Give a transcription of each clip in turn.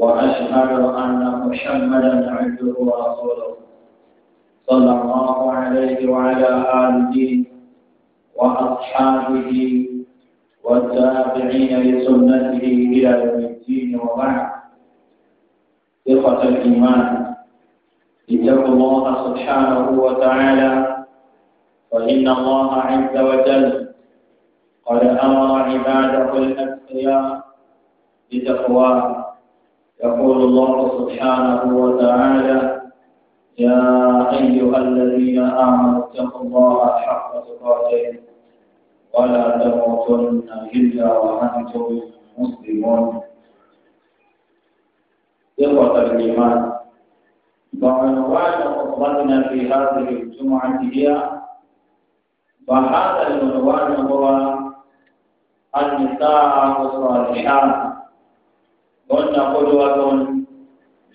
وأشهد أن محمدا عبده ورسوله صلى الله عليه وعلى آله وأصحابه والتابعين لسنته إلى يوم الدين وبعد إخوة الإيمان اتقوا الله سبحانه وتعالى فإن الله عز وجل قد أمر عباده الأتقياء بتقواه يقول الله سبحانه وتعالى يا أيها الذين آمنوا اتقوا الله حق تقاته ولا تموتن إلا وأنتم مسلمون إخوة الإيمان وعنوان خطبتنا في هذه الجمعة هي فهذا العنوان هو النساء الصالحات هن قدوة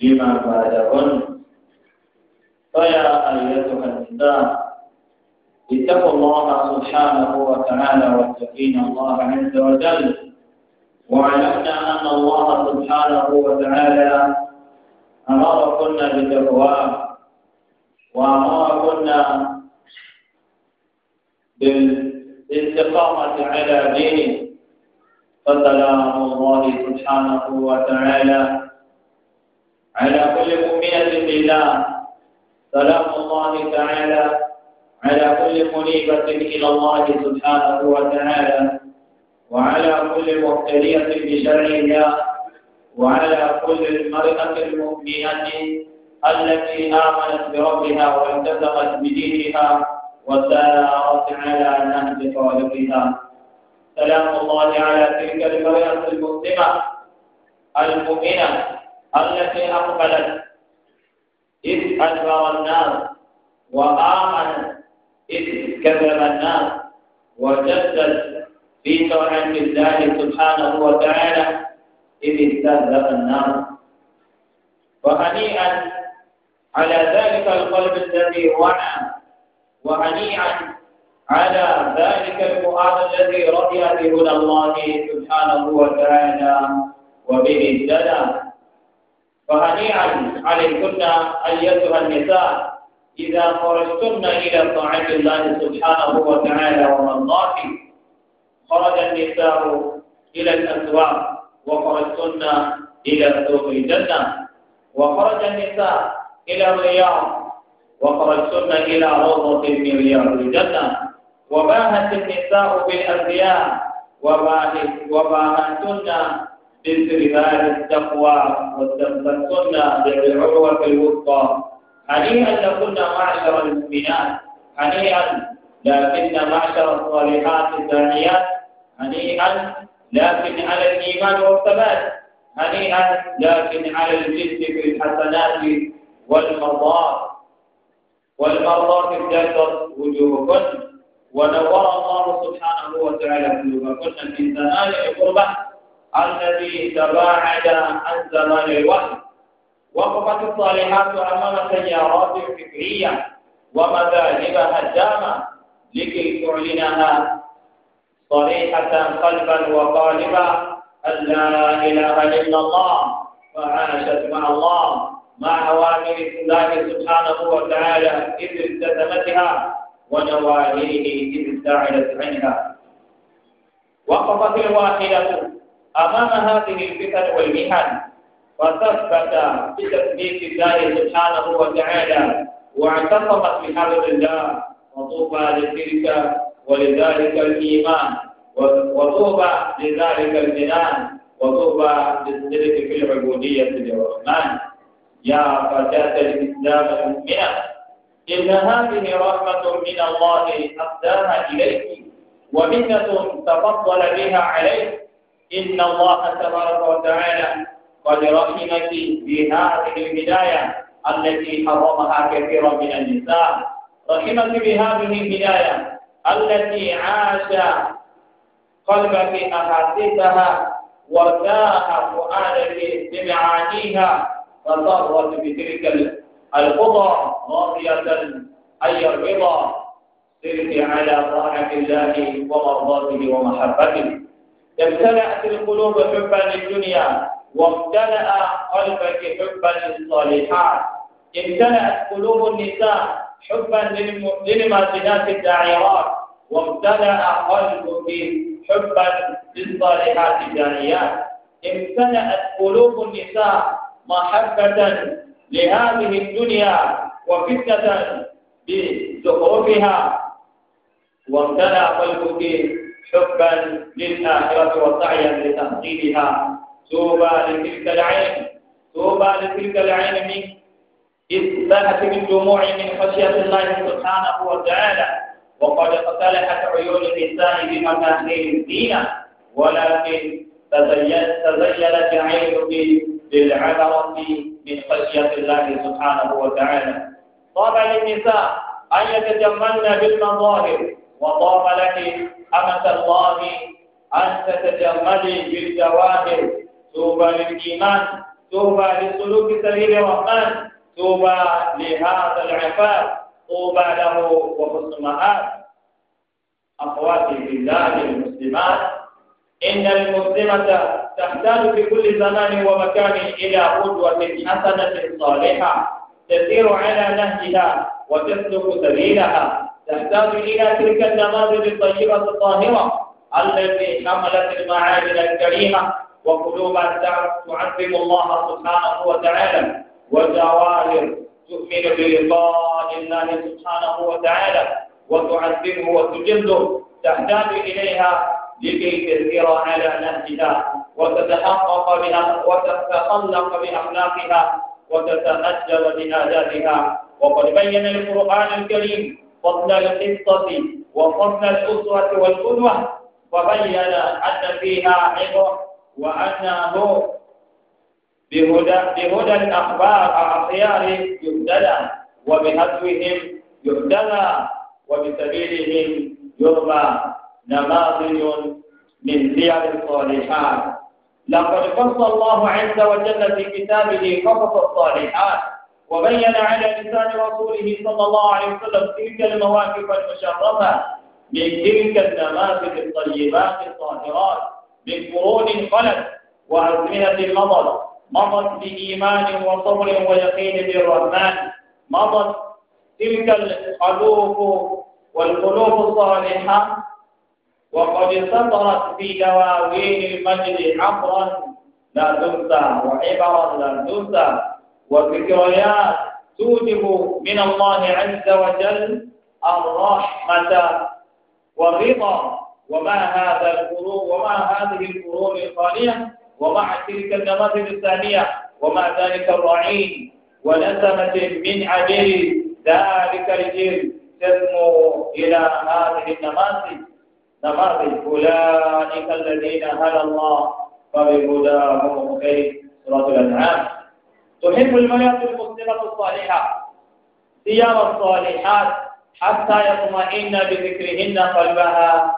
لما بعدهن فيا أيتها النساء اتقوا الله سبحانه وتعالى واتقين الله عز وجل وعلمنا أن الله سبحانه وتعالى أمركن بتقواه وأمركن بالاستقامة على دينه فسلام الله سبحانه وتعالى على كل مؤمنة بالله سلام الله تعالى على كل منيبة إلى الله سبحانه وتعالى وعلى كل مبتلية بشرع الله وعلى كل المرأة المؤمنة التي آمنت بربها والتزمت بدينها وسارت على نهج طالبها سلام الله على تلك المرأة المسلمة المؤمنة التي أقبلت إذ أدبر الناس وآمنت إذ كذب الناس وجدت في طاعة الله سبحانه وتعالى إذ استهزأ الناس وهنيئا على ذلك القلب الذي وعى وهنيئا على ذلك القرآن الذي رضي بهدى الله سبحانه وتعالى وبه اهتدى فهنيئا عليكن ايتها النساء اذا خرجتن الى طاعه الله سبحانه وتعالى ومرضاته خرج النساء الى الاسواق وخرجتن الى سوق الجنه وخرج النساء الى الرياض وخرجتن الى روضه من رياض الجنه وباهت النساء بالأزياء وباهتن بسربال التقوى واستمسكن بالعروة الوثقى هنيئا لكن معشر المؤمنات هنيئا لكن معشر الصالحات الداعيات هنيئا لكن على الإيمان والثبات هنيئا لكن على الجد في الحسنات والمرضات والمرضات ابتدت وجوهكن ونور الله سبحانه وتعالى قلوبنا كنا في زمان القربة الذي تباعد عن زمان الوحي وقفت الصالحات أمام سيارات فكرية ومذاهب هدامة لكي تعلنها صريحة قلبا وقالبا أن لا إله إلا الله وعاشت مع الله مع أوامر الله سبحانه وتعالى إذ التزمتها ونواهيه إذ ابتعدت عنها وقفت الواحدة أمام هذه الفتن والمحن فتثبت بتثبيت الله سبحانه وتعالى واعتصمت بحبل الله وطوبى لتلك ولذلك الإيمان وطوبى لذلك الجنان وطوبى للصدق في العبودية للرحمن يا فتاة الإسلام المؤمنة إن هذه رحمة من الله أقداها إليك ومنة تفضل بها عليك إن الله تبارك وتعالى قد رحمك بهذه البداية التي حرمها كثير من النساء رحمك بهذه البداية التي عاش قلبك أحاسيسها وارتاح فؤادك بمعانيها فصرت بتلك القضى ماضية أي الرضا سرت على طاعة الله ومرضاته ومحبته امتلأت القلوب حبا للدنيا وامتلأ قلبك حبا للصالحات امتلأت قلوب النساء حبا للمؤمنات الداعرات وامتلأ قلبك حبا للصالحات الدانيات امتلأت قلوب النساء محبة لهذه الدنيا وفتنة بزخرفها وامتلأ قلبك حبا للآخرة وسعيا لتحصيلها توبى لتلك العين توبى لتلك العين منك إذ بهت بالدموع من خشية الله سبحانه وتعالى وقد اقتلحت عيون الإنسان بمكاهيل الدين ولكن تزينت عينك بالعبرة من خشية الله سبحانه وتعالى طاب للنساء أن يتجملن بالمظاهر وطاب لك أمة الله أن تتجملي بالجواهر توبى للإيمان توبى لسلوك سبيل الرحمن توبى لهذا العفاف طوبى له وحسن مآب أخواتي في الله المسلمات إن المسلمة تحتاج في كل زمان ومكان إلى قدوة حسنة صالحة تسير على نهجها وتسلك سبيلها تحتاج إلى تلك النماذج الطيبة الطاهرة التي حملت المعادن الكريمة وقلوبا تعظم الله سبحانه وتعالى وجواهر تؤمن بلقاء الله سبحانه وتعالى وتعظمه وتجده تحتاج إليها لكي تسير على نهجها وتتحقق بها وتتخلق بأخلاقها وتتأدب بآدابها وقد بين القرآن الكريم فضل القصة وفضل الأسرة والقدوة فبين أن فيها عبر وأنه بهدى بهدى الأخبار أخيار يهتدى وبهدوهم يهتدى وبسبيلهم يرمى نماذج من سير الصالحات لقد قص الله عز وجل في كتابه قصص الصالحات وبين على لسان رسوله صلى الله عليه وسلم تلك المواقف المشرفه من تلك النماذج الطيبات الطاهرات من قرون خلت وازمنه مضت مضت بايمان وصبر ويقين بالرحمن مضت تلك القلوب والقلوب الصالحه وقد سطرت في دواوين المجد عبرا لا تنسى وعبرا لا تنسى وذكريات توجب من الله عز وجل الرحمة والرضا وما هذا القرون وما هذه القرون الخالية ومع تلك النماذج الثانية ومع ذلك الرعيل ونسمة من عبيد ذلك الجيل تسمو إلى هذه النماذج نماذج أولئك الذين هدى الله فبهداه مقتدي سورة الأنعام تحب المرأة المسلمة الصالحة ثياب الصالحات حتى يطمئن بذكرهن قلبها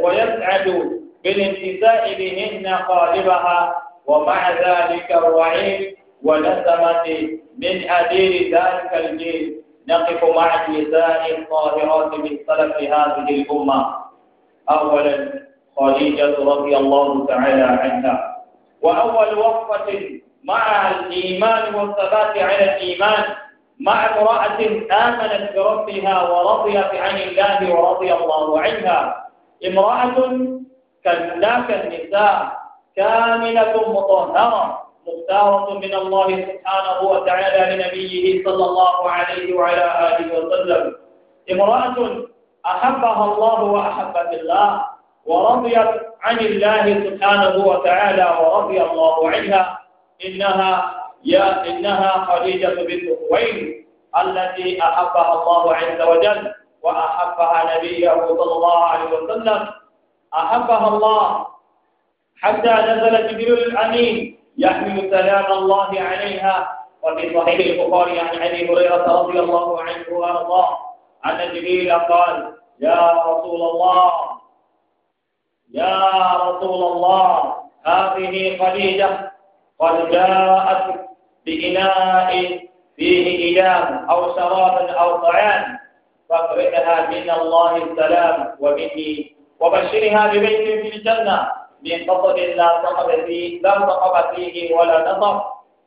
ويسعد بالامتساء بهن قالبها ومع ذلك الرعيم ونسمة من أدير ذلك الجيل نقف مع النساء الطاهرات من سلف هذه الأمة أولا خديجة رضي الله تعالى عنها وأول وقفة مع الإيمان والثبات على الإيمان مع امرأة آمنت بربها ورضيت عن الله ورضي الله عنها امرأة كذلك النساء كاملة مطهرة مختارة من الله سبحانه وتعالى لنبيه صلى الله عليه وعلى آله وسلم امرأة أحبها الله وأحبت الله ورضيت عن الله سبحانه وتعالى ورضي الله عنها إنها يا إنها خديجة بنت خويلد التي أحبها الله عز وجل وأحبها نبيه صلى الله عليه وسلم أحبها الله حتى نزل جبريل الأمين يحمل سلام الله عليها وفي صحيح البخاري عن أبي هريرة رضي الله عنه وأرضاه أن جبريل قال يا رسول الله يا رسول الله هذه خليجة قد جاءت بإناء فيه إيام أو شراب أو طعام فاقرئها من الله السلام ومني وبشرها ببيت في الجنة من قصد لا تقب فيه لا تقب فيه ولا نظر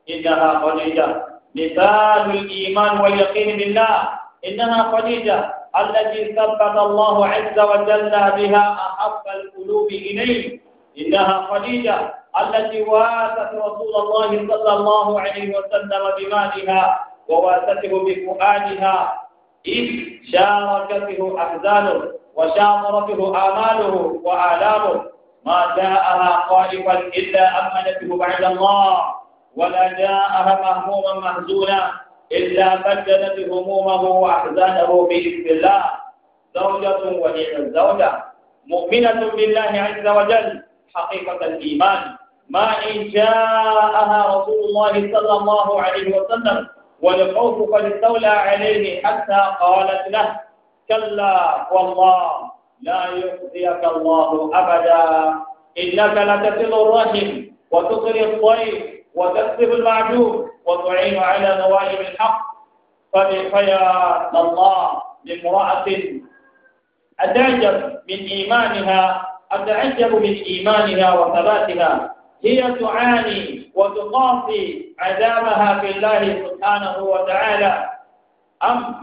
إنها خليجة مثال الإيمان واليقين بالله إنها خديجة التي ثبت الله عز وجل بها أحب القلوب إليه إنها خديجة التي واتت رسول الله صلى الله عليه وسلم بمالها وواسته بفؤادها إذ شاركته أحزانه وشاطرته آماله وآلامه ما جاءها خائفا إلا أمنته بعد الله ولا جاءها مهموما مهزولا إلا بدلت همومه وأحزانه بإذن الله زوجة ونعم الزوجة مؤمنة بالله عز وجل حقيقة الإيمان ما إن جاءها رسول الله صلى الله عليه وسلم والخوف قد استولى عليه حتى قالت له كلا والله لا يخزيك الله أبدا إنك لتصل الرحم وتقري الطيب وتكسب المعجوب وتعين على نوائب الحق فيا الله لامرأة أتعجب من إيمانها أتعجب من إيمانها وثباتها هي تعاني وتقاسي عذابها في الله سبحانه وتعالى أم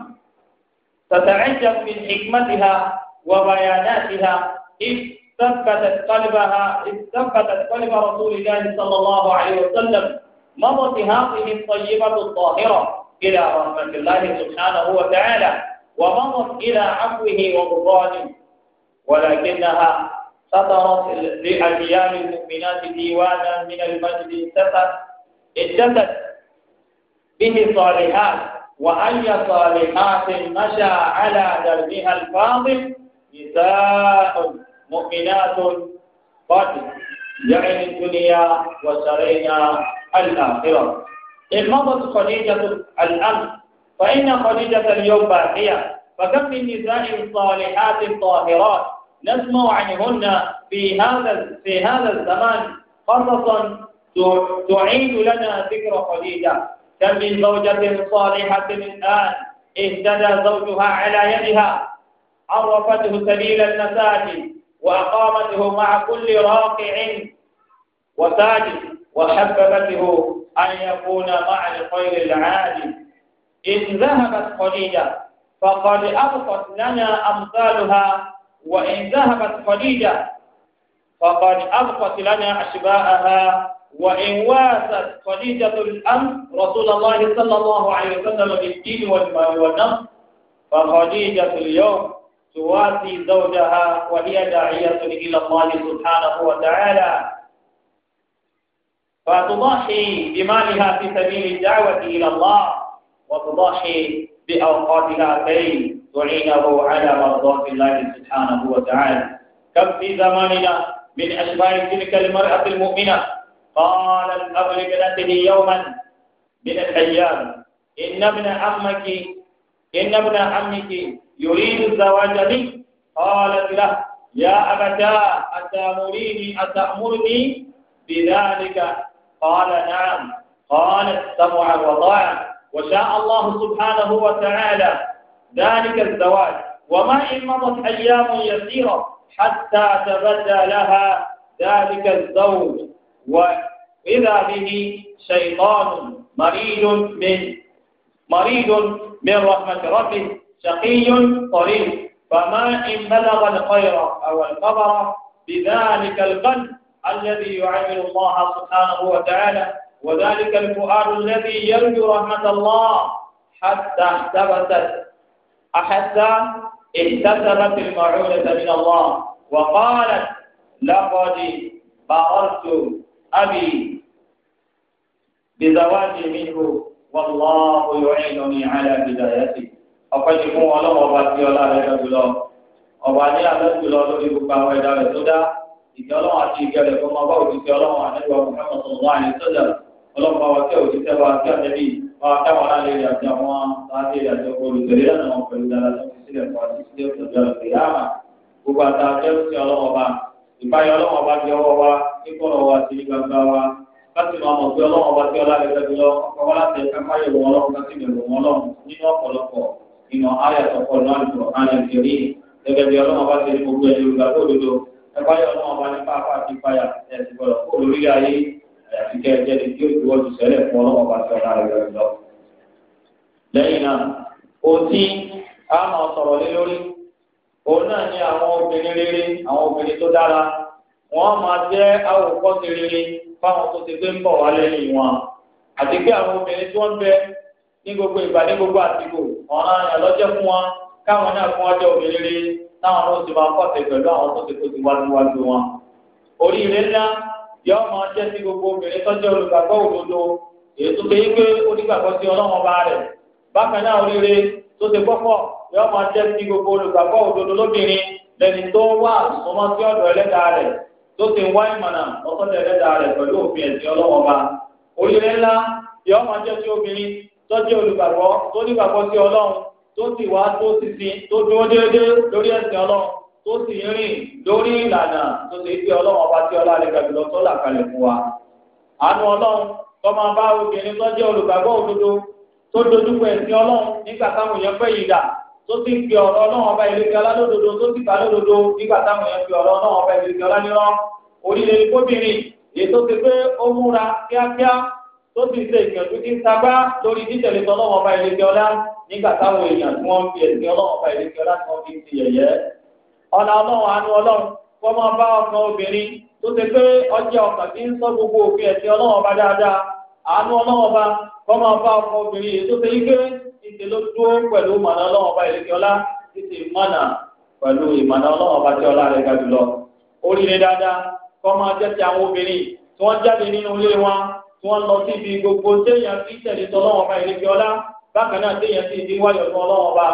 تتعجب من حكمتها وبياناتها إذ ثبتت قلبها ثبتت قلب رسول الله صلى الله عليه وسلم مضت هذه الطيبة الطاهرة إلى رحمة الله سبحانه وتعالى ومضت إلى عفوه وغفرانه ولكنها سطرت لأجيال المؤمنات ديوانا من المجد اتتت به صالحات وأي صالحات مشى على دربها الفاضل نساء مؤمنات قد يعني الدنيا وسرينا الآخرة إن مضت خديجة الأمس فإن خديجة اليوم باقية فكم من نساء الصالحات الطاهرات نسمع عنهن في هذا في هذا الزمان قصصا تعيد لنا ذكر خديجة كم من زوجة صالحة الآن اهتدى زوجها على يدها عرفته سبيل المساجد وأقامته مع كل راقع وساجد وحببته أن يكون مع الخير العادل إن ذهبت خديجة فقد أبقت لنا أمثالها وإن ذهبت خديجة فقد أبقت لنا أشباهها وإن واست خديجة الأمر رسول الله صلى الله عليه وسلم بالدين والمال والنصر فخديجة اليوم تواسي زوجها وهي داعية إلى الله سبحانه وتعالى فتضحي بمالها في سبيل الدعوة إلى الله وتضحي بأوقاتها كي تعينه على مرضاة الله سبحانه وتعالى كم في زماننا من أشباه تلك المرأة المؤمنة قالت قبل ابنته يوما من الأيام إن ابن عمك إن ابن عمك يريد الزواج بي قالت له يا أبتا أتأمريني أتأمرني بذلك قال نعم قالت سمعا وطاعا وشاء الله سبحانه وتعالى ذلك الزواج وما إن مضت أيام يسيرة حتى تبدى لها ذلك الزوج وإذا به شيطان مريض من مريض من رحمة ربه شقي طريق فما إن بلغ الخير أو الخبر بذلك القلب الذي يعمل الله سبحانه وتعالى وذلك الفؤاد الذي يرجو رحمة الله حتى احتبست حتى احتسبت المعونة من الله وقالت لقد بررت أبي بزواجي منه والله يعينني على بدايته ọpẹ́ ti fún ọlọ́run ọba tí ọlá rẹ̀ lọ jùlọ ọba ní àlọ jùlọ lórí gbogbo àwọn ẹ̀dá rẹ̀ tó dá ìjọ ọlọ́run àti ìgbẹ rẹ̀ fọmọ ọba òjijì ọlọ́run àtẹwà mọhàmà sọlọ àyè sọjà ọlọ́run bá wa kí òjijì ọba àti àtẹbí bá wa káwọn aláàlẹ rẹ̀ àti àwọn aláàlẹ rẹ̀ àti ọkọ olùtẹlẹ lánàá wọn pẹ̀lú dára tó fi sílẹ̀ fún àti sílẹ̀ tọjú àti yáàmà gbogbo àtàkẹ́ sí ọlọ́run ọba ìbáyọ ọlọ́run ọba láti máa mọ̀ pé ọlọ́run ọba tí ọlá rẹ̀ lẹ́bi lọ ọkọ̀ wá láti ẹ̀ka káyọ̀ wọn ọlọ́run láti bẹ̀rù wọn ọlọ́run nínú ọ̀pọ̀lọpọ̀ ìmọ̀ ayé àtọ̀kọ̀ náà lù ọ̀ náà lè rí gẹ́gẹ́ bí ọlọ́run ọba ti ní gbogbo ẹ̀yẹ olùgbà tó dodo ẹ̀káyọ̀ ọlọ́run ọba ní pápá àti ìpayà ẹ̀sì gbọ́dọ̀ kó lórí ayé àti kẹ́ẹ̀jẹ́ ni tí ó ti wọ́jú sẹ́lẹ̀ fún ọlọ́run ọba tí fáwọn tó ti gbé ń bọ̀ wá lẹ́yìn wọn àti pé àwọn obìnrin tí wọ́n bẹ ní gbogbo ìgbà ní gbogbo àsìkò ọ̀ràn àyàn lọ́jọ́ fún wọn káwọn náà fún ọjọ́ obìnrin rí táwọn náà ti máa kọ́sẹ̀ pẹ̀lú àwọn tó ti kó ti wọn. oríire ńlá yọ máa jẹ́ sí gbogbo obìnrin tọ́jú olùgbàgbọ́ òdodo èyí tó pé sí ọlọ́wọ́n bá rẹ̀ bákan náà oríire tó ti ń wá ìmọ̀nà ọ̀sọ́dẹ̀ ẹlẹ́dà rẹ̀ pẹ̀lú òfin ẹ̀sìn ọlọ́wọ́ ba oríire ńlá yọ ọmọ jẹ́ sí obìnrin tó jẹ́ olùgbàgbọ́ tó nígbàgbọ́ sí ọlọ́run tó sì wá tó sì sin tó dúró déédéé lórí ẹ̀sìn ọlọ́run tó sì rìn lórí ìlànà tó sì fi ọlọ́run ọba tí ọlá rẹ̀ gàdúrà tó là kalẹ̀ fún wa. àánú ọlọ́run tó máa bá obìnrin tó jẹ́ olùgbàgbọ́ òdodo tó dojúkọ ẹ̀sìn ọlọ́run nígbà táwọn èèyàn tó ti fi ọ̀rọ̀ ọlọ́run ọba ìlẹ́gbẹ́ alálódodo tó ti gbà lódodo nígbà táwọn èèyàn fi ọ̀rọ̀ ọlọ́run ọba ìlẹ́gbẹ́ ọlánirọ́ orílẹ̀ ní kóbìnrin èyí tó ti pé ó múra kíákíá tó ti ṣe ìgbìyànjú kí n sagbá lórí títẹ̀lé tọ́lọ́run ọba ìlẹ́gbẹ́ ọlá nígbà táwọn èèyàn tí wọ́n fi ẹ̀sìn ọlọ́run ọba ìlẹ́gbẹ́ ọlá tí wọ́n fi ti yẹ̀yẹ́ ọ̀nà ọlọ́run àánú ọlọ́run kọ́ máa bá ọkàn obìnrin tó ti pé ọjọ́ ọkàn tí ń sọ gbogbo òfin ẹ̀sìn ọlọ́run ọba dáadáa àánú ọlọ́run ọba kọ́ máa bá ọkàn obìnrin èyí tó yí kéré níṣẹ́ ló dúró pẹ̀lú ìmọ̀nà ọlọ́run ọba ìlẹ́kẹ́ ọlá títí ìmọ̀nà pẹ̀lú ìmọ̀nà ọlọ́run ọba tí ọlá rẹ̀ ga jùlọ. oríire dáadáa kọ́ máa jẹ́ ti àwọn obìnrin tí wọ́n jáde nínú ilé wọn tí wọ́n lọ síbi gbogbo téèyàn fi tẹ̀lé tọ́lọ́run ọba ìlẹ́kẹ́ ọlá bákan náà téèyàn sì ti wáyọ̀ fún ọlọ́run ọba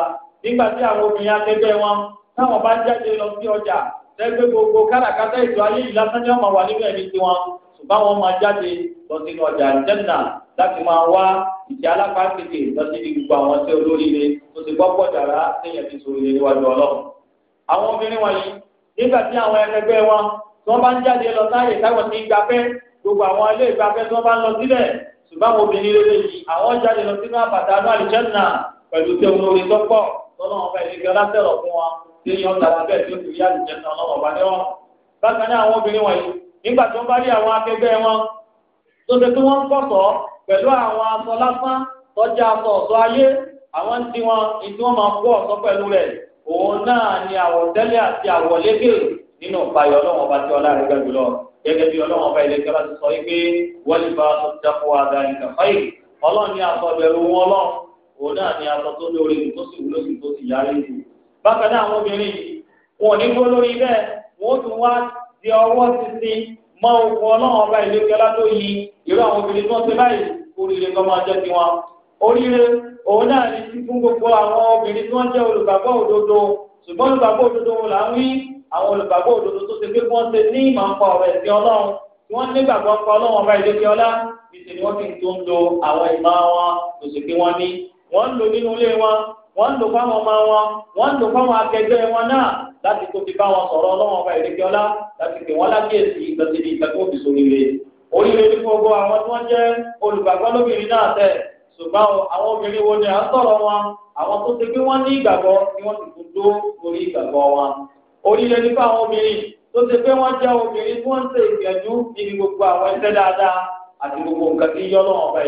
nígbà tí àwọn obìnrin akẹgbẹ́ wọn táwọn bá jáde lọ sí ọjà lẹ́gbẹ́ gbogbo káràkátà ètò ayé yìí lásán ni wọ́n máa wà nínú ẹ̀mí tiwọn ṣùgbọ́n wọ́n máa jáde lọ sínú ọjà ìjẹ́nà láti máa wá ìjà alápákejì lọ sí ibi gbogbo àwọn tí olóríire tó ti gbọ́pọ̀ dàrá téèyàn ti sòrò ilé níwájú ọlọ́run. àwọn obìnrin wọ̀nyí nígbà tí àwọn ẹlẹgbẹ́ wọn tí wọ́n bá ń jáde lọ sáàyè táwọn ti gbafẹ́ gbogbo àwọn ilé ìgbafẹ́ tí wọ́n bá ń lọ sílẹ̀ ṣùgbọ́n àwọn obìnrin lélẹ̀ yìí àwọn jáde lọ sínú àbàtà àánú àlìjẹ́nà pẹ̀lú tí òun orin tọ́pọ̀ tọ́nà ọba ìlẹ́gbẹ́ ọlátẹ̀rọ̀ fún wọn pẹ̀lú àwọn aṣọ lásán tọ́jú aṣọ ọ̀tọ́ ayé àwọn ń tí wọn ìdí wọn máa ọ̀tọ́ pẹ̀lú rẹ̀ òun náà ni àwọ̀tẹ́lẹ̀ àti àwọ̀lẹ́gẹ̀ nínú ìpayọ̀ ọlọ́wọ́n ọba tí ọlá rẹ̀ gbẹ jùlọ gẹ́gẹ́ bí ọlọ́wọ́n ọba ilẹ̀ kẹlá ti sọ wípé wọ́n lè bá aṣọ jápọ̀ adarí kàfáì ọlọ́run ní aṣọ bẹ̀rù wọn lọ òun náà ni aṣọ tó lórí ìlú tó sì wúlò sí tó sì yára ìlú bákan náà àwọn obìnrin yìí wọn ò ní gbó lórí bẹ́ẹ̀ wọn ó tún wá di ọwọ́ títí mọ okun ọlọ́run ọba ilẹ̀ kẹlá tó yí irú àwọn obìnrin tó ń ṣe báyìí oríire kọ́ máa jẹ́ tiwọn oríire òun náà ní fún gbogbo àwọn obìnrin tí wọ́n jẹ́ olùgbàgbọ́ òdodo ṣùgbọ́n olùgbàgbọ́ òdodo wọn là ń wí àwọn olùgbàgbọ́ òdodo tó ṣe pé wọ́n ṣe ní ìmọ̀ ń pa ọ̀rọ̀ ẹ̀sìn ọlọ́run tí wọ́n nígbàgbọ́ ń pa ọlọ́run ọba ìlékè ọlá níṣẹ́ ni wọ́n sì ń tó ń lo àwọn ìmọ̀ wọn tó ṣe pé wọ́n ní wọ́n ń lò nínú ilé wọn wọ́n ń lò fáwọn ọmọ wọn wọ́n ń lò fáwọn akẹgbẹ́ wọn náà láti tó fi bá wọn sọ̀rọ̀ ọlọ́run ọba ìlékè ọlá láti pè wọ́n lákèésí lọ ìgbàgbọ́ òfìsòrò rẹ̀ orílẹ̀-èdè gbogbo àwọn tí wọ́n jẹ́ olùgbàgbọ́ lóbìnrin náà tẹ̀ ṣùgbọ́n àwọn obìnrin wo ni à ń sọ̀rọ̀ wọn àwọn tó ṣe pé wọ́n ní ìgbàgbọ́ ni wọ́n ti kú tó orí ìgbàgbọ́ wọn oríire ní fún àwọn tí wọ́n ń gbogbo àwọn dáadáa àti gbogbo nǹkan tí yọ ọba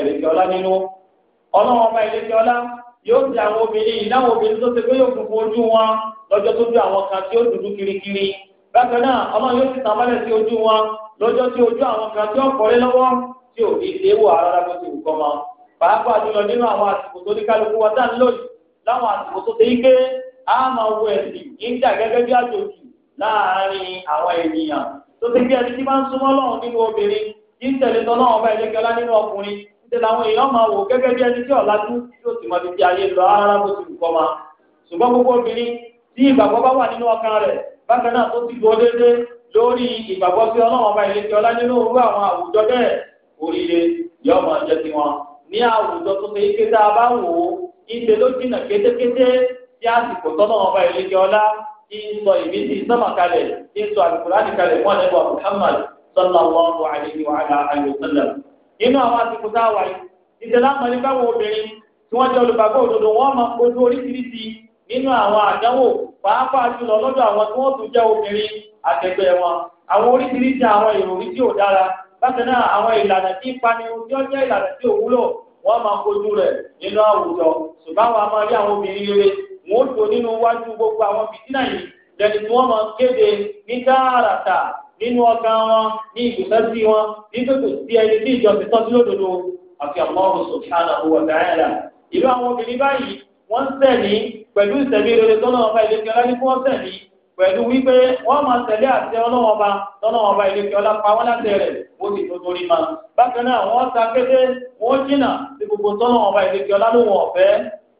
tó wọn bákan náà ọlọ́run yóò lọ́jọ́ tí ojú àwọn kan tí ọkọ̀rẹ́ lọ́wọ́ tí ò ní ṣe é wò ara bó ti wù kọ́ pàápàá jùlọ nínú àwọn àsìkò tó ní kálukú wa dá láwọn àsìkò tó ike a máa wo ẹ̀sìn nígbà gẹ́gẹ́ bí àjòjì láàárín àwọn ènìyàn tó ẹni tí máa ń súnmọ́ lọ́hùn nínú obìnrin tí ń tẹ̀lé tọ́ ọba ẹ̀lẹ́gẹ́lá nínú ọkùnrin àwọn èèyàn máa wò gẹ́gẹ́ bí ẹni tí sì mọ ayé lọ ti wù ṣùgbọ́n lórí ìgbàgbọ́ sí ọlọ́run ọba ìlẹ́kẹ́ ọlá nínú orú àwọn àwùjọ bẹ́ẹ̀ oríire yọ ọmọ jẹ sí wọn ní àwùjọ tó ṣe ike tá a bá wò ó ìṣe ló jìnà kétékété tí àsìkò tọ́nà ọba ìlẹ́kẹ́ ọlá ti ń sọ ìbísí sọ́mà kalẹ̀ ti ń sọ àlùkùránì kalẹ̀ fún Muhammad sallallahu alayhi wa alayhi wa sallam inú àwọn àsìkò tá a wà yìí ìṣẹ̀lá mọ̀ nípa wo obìnrin tí nínú àwọn àdánwò pàápàá jùlọ lọ́dọ̀ àwọn tí wọ́n tún jẹ́ obìnrin àtẹ̀gbẹ́ wọn àwọn oríṣiríṣi àwọn ìròrí tí ò dára bákan náà àwọn ìlànà tí ìpanirun tí ó jẹ́ ìlànà tí ò wúlò wọ́n máa kojú rẹ̀ nínú àwùjọ ṣùgbọ́n àwọn máa rí àwọn obìnrin rere wọ́n ó tó nínú wájú gbogbo àwọn fìtínà yìí lẹ́ni tí wọ́n máa kéde ní tààràtà nínú ọkàn wọn ní ìgbésẹ́sí wọn nígbàgbọ́ sí ẹni tí ìjọsìn tọ́jú lódodo àfi àwọn ọ̀rọ̀ sọ̀tàn àwọn ọ̀gá ẹ̀rà ìlú àwọn obìnrin báyìí wọ́n ń sẹ̀ ní pẹ̀lú ìsẹ̀mí rere tọ́nà ọba ìlẹ́kẹ́ ọlá ní kí wọ́n tẹ̀lé pẹ̀lú wípé wọ́n máa tẹ̀lé àti ọlọ́wọ́n ọba tọ́nà ọba ìlẹ́kẹ́ ọlá pa wọ́n láti rẹ̀ ó sì tó torí ma bákan náà wọ́n ta kété wọ́n jìnà sí gbogbo tọ́nà ọba ìlẹ́kẹ́ ọlá ló wọ̀ ọ̀fẹ́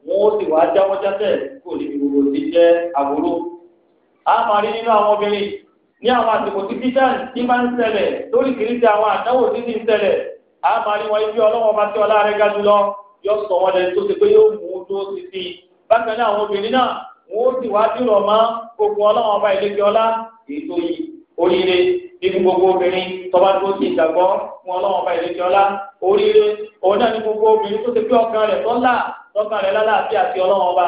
wọn ó sì wáá jáwọ́ jáde kó lè fi gbogbo ti jẹ́ àbúrò. a máa rí nínú àwọn obìnrin ní àwọn àsìkò tí kíkàn tí máa ń ṣẹlẹ̀ lórí kìrìtì àwọn àdáwò tí ti ń ṣẹlẹ̀ a máa rí wọn ibi ọlọ́wọ́n ọba tí ọlá rẹ̀ ga jùlọ yọ sọ wọn lẹ́ni tó ti pé yóò mú un tó ti fi bákan náà àwọn obìnrin náà wọn ó sì wá dúró mọ́ ogun ọlọ́wọ́n ọba ìlẹ́jọ́ ọlá èyí tó yí oríire nínú gbogbo obìnrin tọ́ba tó ti ìgbàgbọ́ fún ọlọ́wọ́n ọba ìlẹ́jọ́ ọlá oríire òun náà ní gbogbo obìnrin tó ti pé ọkàn rẹ̀ tọ́lá tọ́kàn rẹ̀ lálàáfíà àti ọlọ́wọ́n ọba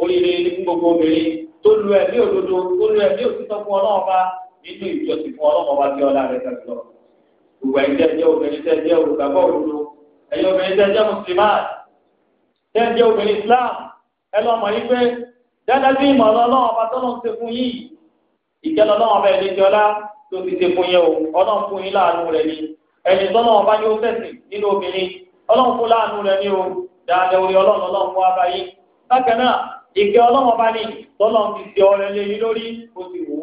oríire nínú gbogbo obìnrin tó lu ẹ̀mí òdodo tó lu ẹ̀mí òtítọ́ fún ọlọ́wọ́n ọba nínú ìjọsìn fún ọlọ́wọ́n ọba tí ọlá rẹ̀ tẹ̀sán gbogbo ẹ̀yin tẹ́ jẹ́ obìnrin tẹ́ jẹ́ olùgbàgbọ́ òdodo ẹ̀yin obìnrin tẹ́ jẹ́ mùsùlùmá tẹ́ jẹ́ obìnrin Islam ẹ lọ mọ̀ yí pé gẹ́gẹ́ bí ìmọ̀ràn ọlọ́run ọba tó ló ń ṣe fún yìí ìkẹ́lẹ́ ọlọ́run ọba ẹ̀lẹ́jì ọlá tó ti ṣe fún yẹn o ọlọ́run fún yín láàánú rẹ̀ ni ẹni tọ́nà ọba yóò fẹ̀sìn nínú obìnrin ọlọ́run fún láàánú rẹ̀ ni o dáadáa orí ọlọ́run ọlọ́run fún abá yín bákan náà ìkẹ́ ọlọ́run ọba ni tọ́nà ti ṣe ọrẹ lé yín lórí o sì wò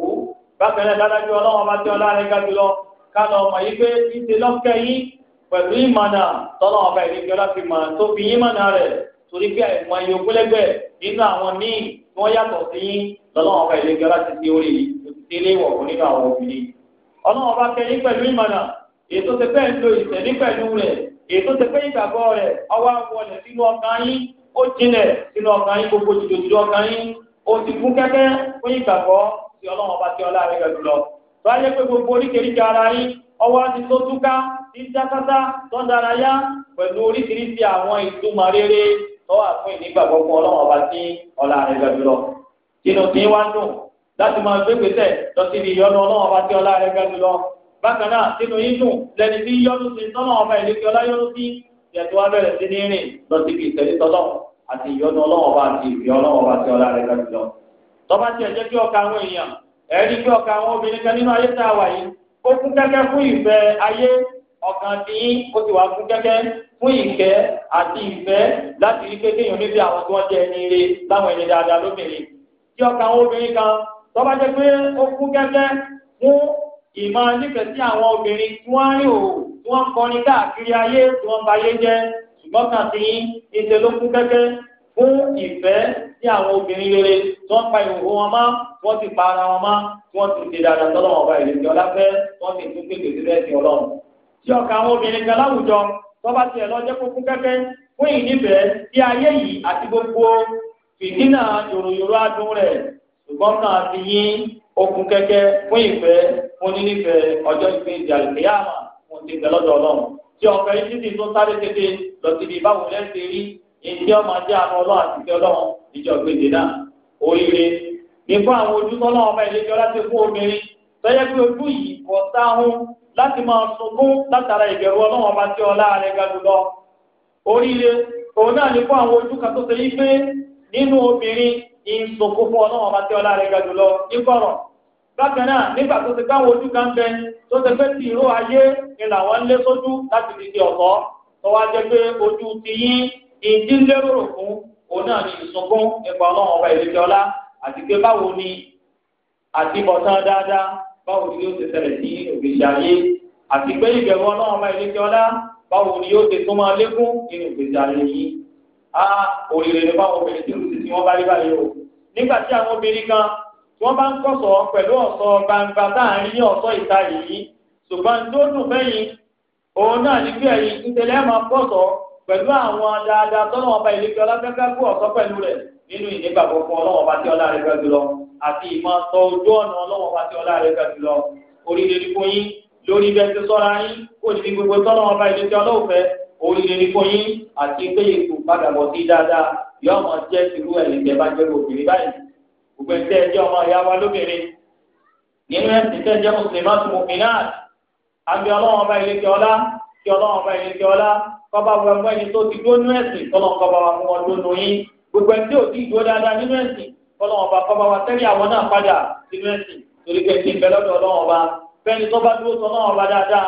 ó torí bí àìmọ̀ iye ogúnlẹ́gbẹ̀ nínú àwọn míì tí wọ́n yàtọ̀ sí yín lọ́lọ́wọ́n bá ìlẹ́gbẹ́ láti ti orí ìdílé ìwọ̀kùn nínú àwọn obìnrin. ọlọ́wọ́n bá kẹ́ yín pẹ̀lú ìmọ̀nà ètò ti pẹ́ ń lo ìtẹ̀lé pẹ̀lú rẹ̀ ètò ti pẹ́ ìgbàgbọ́ rẹ̀ ọwọ́ àwọlẹ̀ sínú ọkàn yín ó jinlẹ̀ sínú ọkàn yín gbogbo jìdòjìdò ọkàn yín ó ti fún kẹ́kẹ́ fún ìgbàgbọ́ tí ọlọ́wọ́n bá ti ọlá rẹ̀ rẹ̀ jùlọ. báyẹ̀ pé gbogbo oríkèéríkè ara yín ọwọ́ àti tó túká ti ń tó ń daraya pẹ̀lú oríṣiríṣi àwọn ìtumọ̀ rere tọ́wọ́ àfún ìnígbàgbọ́ fún ọlọ́run ọba tí ọ̀la rẹ̀ ga jùlọ. Tinú tí wá ń dùn láti máa gbé gbèsè lọ síbi ìyọnu ọlọ́run ọba tí ọ̀la rẹ̀ ga jùlọ. Bákan náà, tinú yín dùn lẹni tí yọnu sí tọ́nà ọba ìlékè ọlá yọnu sí ìyàtọ̀ wa bẹ̀rẹ̀ sí ní rìn lọ síbi ìtẹ̀lé tọ́lọ́run àti ìyọnu ọlọ́run ọba àti ìfẹ́ ọlọ́run ọba tí ọ̀la rẹ̀ ga jùlọ. Tọ́ba tiẹ̀ jẹ́ kí ọkà àwọn èèyàn ẹ̀rí kí ọkà àwọn obìnrin kan nínú ayé tá a wà fún ìkẹ́ àti ìfẹ́ láti rí kékeré yòó níbi àwọn tí wọ́n jẹ́ ẹni ire láwọn ẹni dáadáa lóbìnrin tí ọkàn àwọn obìnrin kan tọ́ba jẹ́ pé ó kú kẹ́kẹ́ fún ìmọ̀ nífẹ̀ẹ́ sí àwọn obìnrin tí wọ́n rí òwò tí wọ́n kọrin káàkiri ayé tí wọ́n ba ayé jẹ́ ṣùgbọ́n kàn sí ìṣe ló kú kẹ́kẹ́ fún ìfẹ́ sí àwọn obìnrin rere tí wọ́n pa ìhòòhò wọn mọ́ tí wọ́n ti pa ara wọn mọ́ tí wọ́n ti ṣe dáadáa tọ́lọ́wọ́n ọba ọlá fẹ́ tí wọ́n ti tún pèsè sílẹ̀ sí ọlọ́run tí ọkàn àwọn obìnrin kan láwùjọ tọ́ba tiẹ̀ lọ jẹ́ kókún kẹ́kẹ́ fún ìnífẹ̀ẹ́ sí ayé yìí àti gbogbo fìdínà yòròyòrò adùn rẹ̀ ṣùgbọ́n náà ti yín okun kẹ́kẹ́ fún ìfẹ́ fún nínífẹ̀ẹ́ ọjọ́ ìfẹ́ ìdí àlùkìyàmà fún ti bẹ̀ lọ́dọ̀ ọlọ́run tí ọ̀fẹ́ yìí ti tún sáré tètè lọ sí ibi lẹ́sẹ̀ rí ìdí ọmọ ajé ọlọ́run àti ìfẹ́ ọlọ́run náà oríire nípa àwọn láti fún obìnrin tọ́jẹ́ pé ojú yìí láti máa sunkún látara ìbẹ̀rù ọlọ́run ọba tí ọlá rẹ̀ ga oríire òun náà ní fún àwọn ojú kan tó nínú obìnrin ìsunkún fún ọlọ́run tí ọlá rẹ̀ ga nígbọ̀rọ̀ bákan náà nígbà tó ti ojú ti fẹ́ ti ni lé sójú láti fi di ọ̀tọ̀ tó wá pé ojú ti yín fún òun náà ní ìsunkún nípa ìlẹ́jọ́lá àti pé báwo ni dáadáa báwo ni yóò ṣe ṣẹlẹ̀ ní ògbésí ayé àti pé ìbẹ̀rù ọlọ́run ọba ìlú kíọ́lá báwo ni yóò ṣe tó máa lékún nínú ògbésí ayé yìí á òrìrì ni báwọn obìnrin tí lùsì tí wọ́n bá rí báyìí o nígbà tí àwọn obìnrin kan tí wọ́n bá ń kọ̀sọ̀ pẹ̀lú ọ̀sọ̀ gbangba láàrin ní ọ̀sọ̀ ìta yìí ṣùgbọ́n tó dùn fẹ́yìn òun náà ní bí ẹ̀yìn ń tẹ̀lé máa kọ̀sọ̀ pẹ̀lú àwọn dáadáa tọ́nà ọba ìlú kíọ́lá fẹ́ fẹ́ kú ọ̀sọ̀ pẹ̀lú rẹ̀ nínú ìdígbàgbọ́ fún ọlọ́wọ́n bá tí ọlá rẹ̀ ga jùlọ àti ìmọ̀ sọ ojú ọ̀nà ọlọ́wọ́n bá tí ọlá rẹ̀ ga jùlọ oríire ní fún yín lórí bẹ́ẹ̀ ti sọ́ra yín kó ní gbogbo tọ́lọ́wọ́n bá ilé tí ọlọ́wọ́fẹ́ oríire ní fún yín àti pé ètò padàbọ̀ sí dáadáa yóò mọ̀ jẹ́ tìlú ẹ̀lẹ́ tẹ́ bá jẹ́ obìnrin báyìí gbogbo ẹ̀sẹ̀ ẹ̀jẹ̀ ọmọ ìyá wa gbogbo ẹni tí ò tí ì dúró dáadáa nínú ẹ̀sìn ọlọ́wọ́n ọba kọ́ bá wa tẹ́lẹ̀ àwọn náà padà nínú ẹ̀sìn torí pé ní ìbẹ̀ lọ́dọ̀ ọlọ́wọ́n ọba bẹ́ẹ̀ni tó bá dúró tọ́ ọlọ́wọ́n ọba dáadáa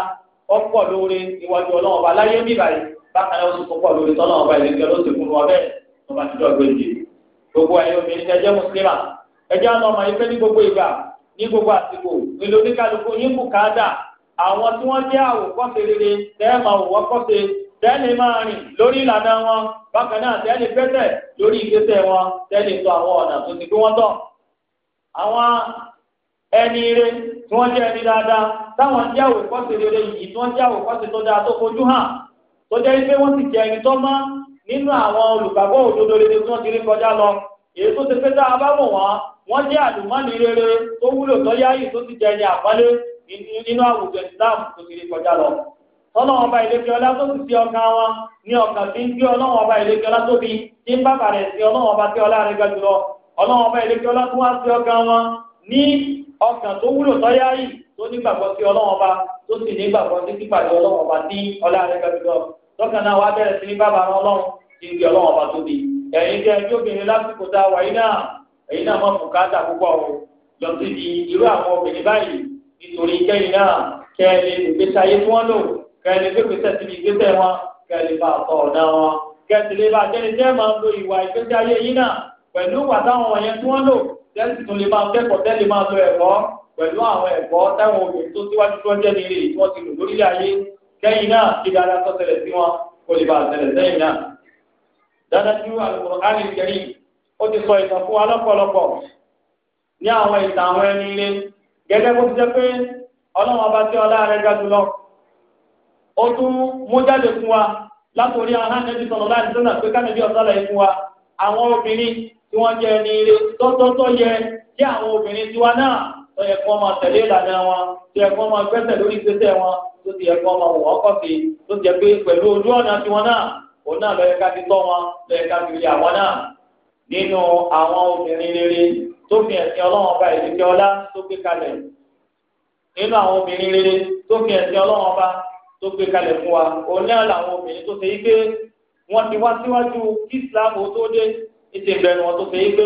ọ̀pọ̀ lóore ìwájú ọlọ́wọ́n ọba láyé mi báyìí bákan náà ó sì tún pọ̀ lóore tọ́lọ́wọ́n ọba ìlẹ́gbẹ̀ẹ́ ló ti fún wa bẹ́ẹ̀ tó bá ti dọ̀gbẹ́ jì gbogbo ayé obìnrin tẹ́jẹ́ mùsùlùmá ẹjẹ́ àwọn ọmọ ìfẹ́ ní gbogbo ìgbà ní gbogbo àsìkò èlò oníkàlùkù yín kù káàdà àwọn tí wọ́n jẹ́ àwòkọ́ṣe rere tẹ́ẹ̀mà òwòkọ́ṣe tẹ́lẹ̀ máa rìn lórí ìlànà wọn bákan náà tẹ́lẹ̀ gbẹ́sẹ̀ lórí ìgbésẹ̀ wọn tẹ́lẹ̀ tó àwọn ọ̀nà tó ti gbé tọ̀. àwọn ẹni ire tí wọ́n jẹ́ ẹni dáadáa táwọn ń jáwèé kọ́sì rere yìí tí wọ́n jáwèé kọ́sì tó dáa tó fojú hàn tó jẹ́ pé wọ́n ti ẹni tó mọ́ nínú àwọn olùgbàgbọ́ òdodo rere tí wọ́n ti rí kọjá lọ èyí tó ti tá a bá mọ̀ wọ́n wọ́n jẹ́ rere tó wúlò tó yáyì tó ti jẹ ẹni àpọ́nlé nínú àwùjọ tó ti rí lọ. ọlọ́wọ́n ọba ìlẹ́kẹ́ ọlá tó ti fi ọkàn wọn ní ọkàn tí ń gbé ọlọ́wọ́n ọba ìlẹ́kẹ́ ọlá tóbi tí ń bàbà rẹ̀ sí ọlọ́wọ́n ọba tí ọlá rẹ̀ ga jùlọ ọlọ́wọ́n ọba ìlẹ́kẹ́ ọlá tó wá sí ọkàn wọn ní ọkàn tó wúlò tọ́yá yìí tó nígbàgbọ́ sí ọlọ́wọ́n ọba tó sì nígbàgbọ́ sí pípàdé ọlọ́wọ́n ọba tí ọlá rẹ̀ ga jùlọ lọ́kàn náà wá bẹ̀rẹ̀ sí ní bàbà ọlọ́run tí ń gbé ọlọ́wọ́n ọba tóbi kẹ́lẹ́ gbé gbèsè síbi ìgbésẹ̀ wọn kẹ́lẹ́ bá tọ̀ ọ̀nà wọn kẹ́sìlẹ̀ bá jẹ́ni jẹ́ máa ń lo ìwà ìgbésí ayé yín náà pẹ̀lú wàtáwọn wọ̀nyẹn tí wọ́n lò jẹ́sì tún lè máa kẹ́kọ̀ọ́ tẹ́lẹ̀ máa lo ẹ̀kọ́ pẹ̀lú àwọn ẹ̀kọ́ táwọn obìnrin tó síwájú tó ń jẹ́ nílé tí ti lò lórí ayé kẹ́yìn náà kí dáadáa tó ṣẹlẹ̀ sí wọn kó lè bá ṣẹlẹ̀ sẹ́yìn náà. dáadájú Al-Qur'an Al-Karim ó ti sọ ìtàn fún wa lọ́pọ̀lọpọ̀ ní àwọn ìtàn àwọn ẹni ilé gẹ́gẹ́ bó ti jẹ́ pé ọlọ́run ọba tí ọlá rẹ̀ ga jùlọ otu tún mú jáde fún wa látòrí ahọ́n nẹ́bí sọ̀rọ̀ láti sọ́nà pé kánẹ́bí ọ̀sán lẹ̀ fún wa àwọn obìnrin tí wọ́n jẹ́ ire tọ́tọ́tọ́ yẹ kí àwọn obìnrin tiwa náà tó yẹ kí wọ́n máa tẹ̀lé ìlànà wọn tó yẹ kí wọ́n máa gbẹ́sẹ̀ lórí ìgbésẹ̀ wọn tó ti yẹ kí wọ́n máa wọ̀ sí tó ti yẹ pé pẹ̀lú ojú ọ̀nà tiwọn náà òun wọn lọ́yẹ ti rí àwọn náà nínú àwọn obìnrin tó gbé kalẹ̀ fún wa òun náà làwọn obìnrin tó ṣe yí pé wọ́n ti wá síwájú kí islam tó dé ètò ìbẹ̀rù wọn tó ṣe yí pé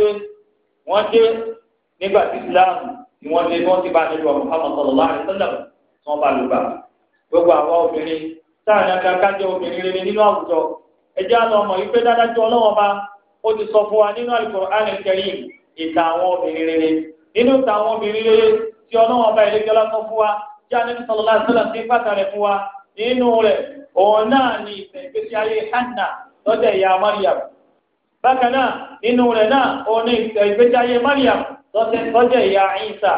wọ́n dé nígbà tí islam tí wọ́n dé wọ́n ti bá nílò àwọn Muhammad sallallahu alaihi wasallam tí wọ́n bá lù gbà gbogbo àwọn obìnrin táwọn ẹ̀ka kájọ obìnrin rere nínú àwùjọ ẹjẹ́ àná ọmọ yìí pé dáadáa ju ọlọ́wọ́n bá ó ti sọ fún wa nínú Al-Qur'an Al-Karim ìta àwọn obìnrin rere nínú ìta nínú rẹ̀ òun náà ni ìtàn ìgbésí ayé Hánà lọ́dẹ̀ ìyá Mariam bákan náà nínú rẹ̀ náà òun ni ìtàn ìgbésí ayé Mariam lọ́dẹ̀ ìyá Ìsá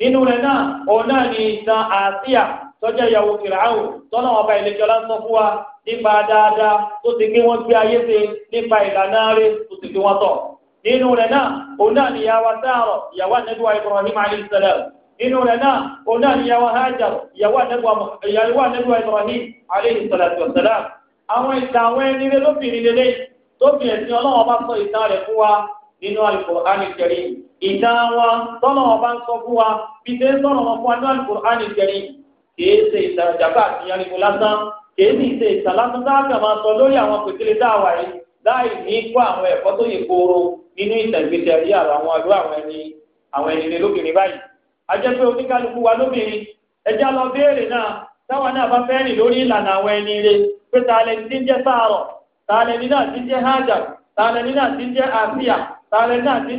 nínú rẹ̀ náà òun náà ni ìtàn Àsíyà tọ́jọ́ ìyàwó kìràáwò tọ́nà ọba ìlẹ́jọ́ lásán fún wa nípa dáadáa tó ti gbé wọn gbé ayé ṣe nípa ìlànà rẹ̀ tó ti gbé wọn tọ̀. nínú rẹ̀ náà òun náà ni ìyàwó sáàrọ̀ ìyàwó ànẹ́gbẹ̀wá Ibrahim alayhi salam nínú rẹ̀ náà òun náà níyàwó Hajar ìyàwó àdẹ́gbà Ibrahim alayhi salatu wa salam àwọn ìtàn àwọn ẹni rẹ̀ lóbìnrin lélẹ̀ tó fi ẹ̀sìn ọlọ́wọ́ bá sọ ìtàn rẹ̀ fún wa nínú Al-Qur'an al wa tọ́lọ́wọ́ bá ń sọ wa bí ṣe ń sọ̀rọ̀ wọn fún ajẹ́ pé oníkálukú wa lóbìnrin eji lọ béèrè náà táwọn náà bá lori ilana lórí ìlànà àwọn ẹni rẹ pé ta tí ń jẹ́ sáàrọ̀ ta náà tí jẹ́ hajar ta náà jẹ́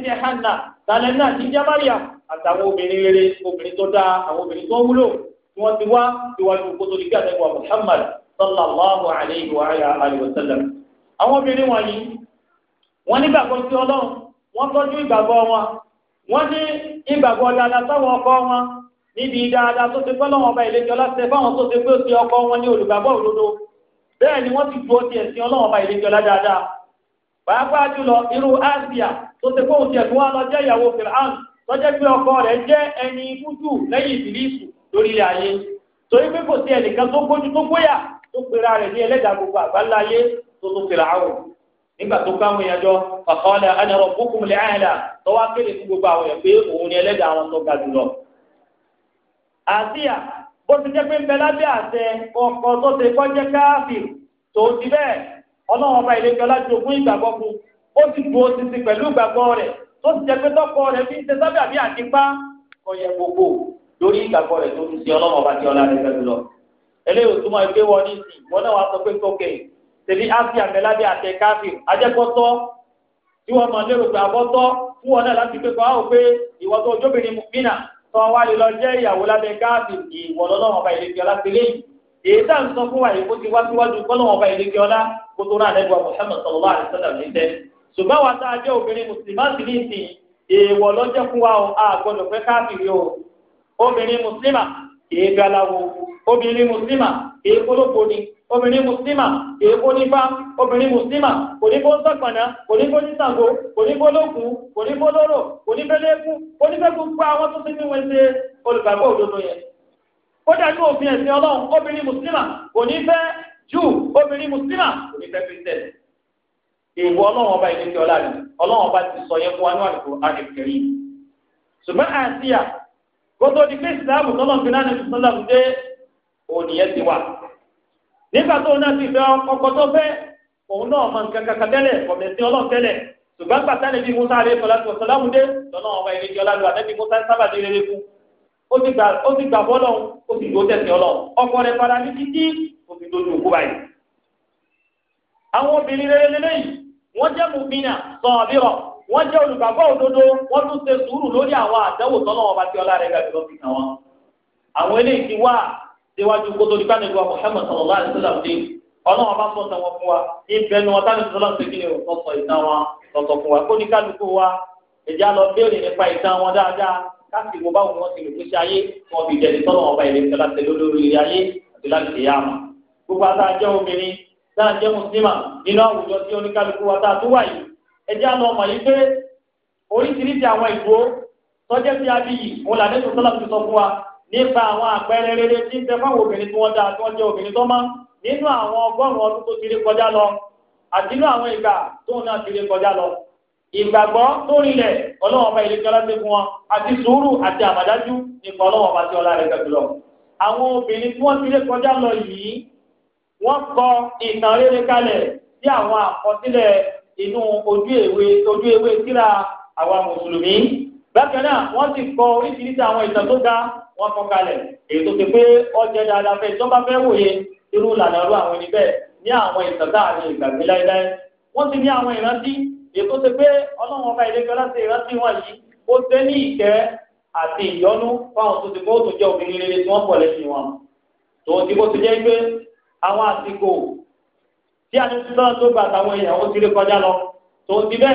náà hanna náà jẹ́ mariam àtàwọn obìnrin rere obìnrin tó dáa ti wa muhammad sallallahu alayhi wa alayhi sallam. àwọn obìnrin wọ̀nyí wọ́n nígbàgbọ́ sí ọlọ́run wọ́n tọ́jú ìgbàgbọ́ wọn wọ́n ní ìgbàgbọ́ dáadáa sáwọn ọkọ wọn níbi dáadáa tó ti pẹ́ lọ́wọ́ ọba ìlẹ́jọ́ láti fáwọn tó ti pé ó ti ọkọ wọn ní olùgbàgbọ́ òdodo bẹ́ẹ̀ ni wọ́n ti ju ọtí ẹ̀sìn ọlọ́wọ́ ọba ìlẹ́jọ́ dáadáa pàápàá jùlọ irú Asia tó ti kóhùn tiẹ̀ fún wa lọ jẹ́ ìyàwó Fir'aun lọ́jọ́ pé ọkọ rẹ̀ jẹ́ ẹni ikújù lẹ́yìn ìbílísù lórílẹ̀ ayé torí pé kò sí ẹnìkan tó gbójú tó gbóyà tó pera rẹ̀ ní ẹlẹ́dàá gbogbo àgbáńlá ayé tó tó Fir'aun nígbà tó káwọn èèyàn jọ fàkọọlẹ ànàrọ fúnkùn lẹ àyàlà tọwọ akéde fún gbogbo àwọn èèyàn pé òun ni ẹlẹ́dàá àwọn tó ga jùlọ. àsíyà bó ti jẹ́ pé ń bẹ lábẹ́ àṣẹ kọ̀ọ̀kan tó ṣe kọ́ jẹ́ káàfì tó ti bẹ́ẹ̀ ọlọ́run ọba ìlẹ́jọ́ láti ogún ìgbàgbọ́ fún ó ti bu òṣìṣì pẹ̀lú ìgbàgbọ́ rẹ̀ tó ti jẹ́ pé tọ́kọ rẹ̀ fi ń ṣe sábẹ́ àbí àtipá kọ̀yẹ̀ gbogbo lórí ìgbàgbọ́ tẹ̀lé áfíà mẹ́láde àtẹ káfíìn ajẹ́kọ́tọ́ tí wọ́n mọ̀ lérò pé àbọ́tọ́ fún wọn náà láti pé kọ́ àwọn pé ìwọ tó jóbìnrin mùmínà tó wá lè lọ jẹ́ ìyàwó lábẹ́ káfíìn ìwọ lọ́wọ́ ọba ìlẹ́kẹ́ ọlá ti léyìn èyí tá à ń sọ fún wa ìkó ti wá síwájú kọ́ lọ́wọ́ ọba ìlẹ́kẹ́ ọlá kó tó rà lẹ́gbàá Muhammad sallallahu alaihi wasallam níṣẹ́ ṣùgbọ́n wa tá a jẹ́ obìnrin mùsùlùmá sí ní ìsìn èèwọ̀ fún wa a gbọ́dọ̀ fẹ́ káfíìn o obìnrin mùsùlùmá kì í obìnrin mùsùlùmá kì í ni obìnrin mùsùlùmà kìí kó nípa obìnrin mùsùlùmà kò ní kó sọ̀kànná kò ní kó nísàngó kò ní kó lókun kò ní kó lóró kò ní pélékún kò ní fẹ́ gbogbo àwọn tó ti fi wọn ṣe olùgbàgbọ́ òdodo yẹn. kódà ní òfin ẹ̀sìn ọlọ́run obìnrin mùsùlùmà kò ní fẹ́ jù obìnrin mùsùlùmà kò ní fẹ́ kírísítẹ̀sì. èèwọ̀ ọlọ́run ọba ìdíkẹ́ ọlá rẹ̀ ọlọ́run ọba ti sọ yẹn fún wa ní ṣùgbọ́n àṣìyà kótó di pé ìsìláàmù tọ́lọ̀ ń fi náà ní ìsìláàmù dé nígbà tó náà ti fẹ́ ọkọ tó fẹ́ òun náà mọ nǹkan kankan tẹ́lẹ̀ ọ̀mẹ̀sìn ọlọ́run tẹ́lẹ̀ ṣùgbọ́n gbàtà níbi musa alẹ́ sọlá tó sọlá mu dé lọ́nà ọba ìrètí ọlá lu àtẹ́bí musa sábàdé rere fún ó ti gbà bọ́lọ̀ ó sì dó tẹ̀sí ọlọ́run ọkọ rẹ̀ fara ní títí ó fi dojú òkú báyìí. àwọn obìnrin rere lélẹ́yìí wọ́n jẹ́ mùmínà sọ̀ọ́bírọ̀ wọ́n jẹ́ olùgbàgbọ́ òdodo wọ́n tún ṣe sùúrù lórí àwọn àdánwò tọ́lọ́wọ́n bá ti ọlá rẹ̀ gàdúrà fi kàn wọ́n. àwọn eléyìí ti wá síwájú kótó nípa nípa Muhammad sallallahu alaihi wasallam dé ọlọ́run bá sọ tàwọn fún wa ibẹ̀ ni wọn tá nípa sọlá ṣèkí ni ò sọ ìtàn wọn sọ̀tọ̀ fún wa kó ní kálukú wa ẹ̀jẹ̀ á lọ béèrè nípa ìtàn wọn dáadáa káàkiri mo bá wọn wọn ti lè pèsè ayé wọn fi jẹ nítorí wọn bá ilé ìfẹ́ láti lórí ilé ayé àti láti ṣe yáàmù gbogbo ata jẹ́ obìnrin táà jẹ́ mùsùlùmá nínú àwùjọ tí oníkálukú wa tá a tó wáyé ẹ̀jẹ̀ á lọ mọ̀ yìí pé oríṣiríṣi àwọn ìgbó tọ́jẹ́ sí abiyì òun làdé tó sọ́lá fi sọ fún wa nípa àwọn àpẹẹrẹ rere tí ń tẹ fáwọn obìnrin tí wọ́n dáa tí wọ́n jẹ́ obìnrin tó máa nínú àwọn ọgọ́rùn ọdún tó ti rí kọjá lọ àti àwọn ìgbà tóun náà ti rí kọjá lọ ìgbàgbọ́ tó rinlẹ̀ ọlọ́wọ́n ọba ìlú kẹlá ti wọn àti sùúrù àti àmàdájú nípa ọlọ́wọ́n ọba tí ọlá rẹ̀ gẹ̀ jùlọ. àwọn obìnrin tí wọ́n ti rí kọjá lọ yìí wọ́n kọ ìtàn rere kalẹ̀ sí àwọn àkọsílẹ̀ inú ojú ewé ojú ewé síra àwa mùsùlùmí bákan náà wọ́n ti kọ oríṣiríṣi àwọn ìtàn tó dá wọ́n kọ kalẹ̀ èyí tó ti pé ọjọ́ dáadáa fẹ́ ìjọba fẹ́ wòye irú ìlànà irú àwọn ẹni bẹ́ẹ̀ ní àwọn ìtàn tá àárín ìgbàgbé láéláé wọ́n ti ní àwọn ìrántí èyí tó ti pé ọlọ́run ọba ìlẹ́gbẹ́ láti ìrántí wọn yìí ó tẹ́ ní ìkẹ́ àti ìyọ́nú fáwọn tó ti pé ó tún jẹ́ obìnrin rere tí wọ́n pọ̀ lẹ́sìn wọn tòun ti bó ti jẹ́ pé àwọn àsìkò tí a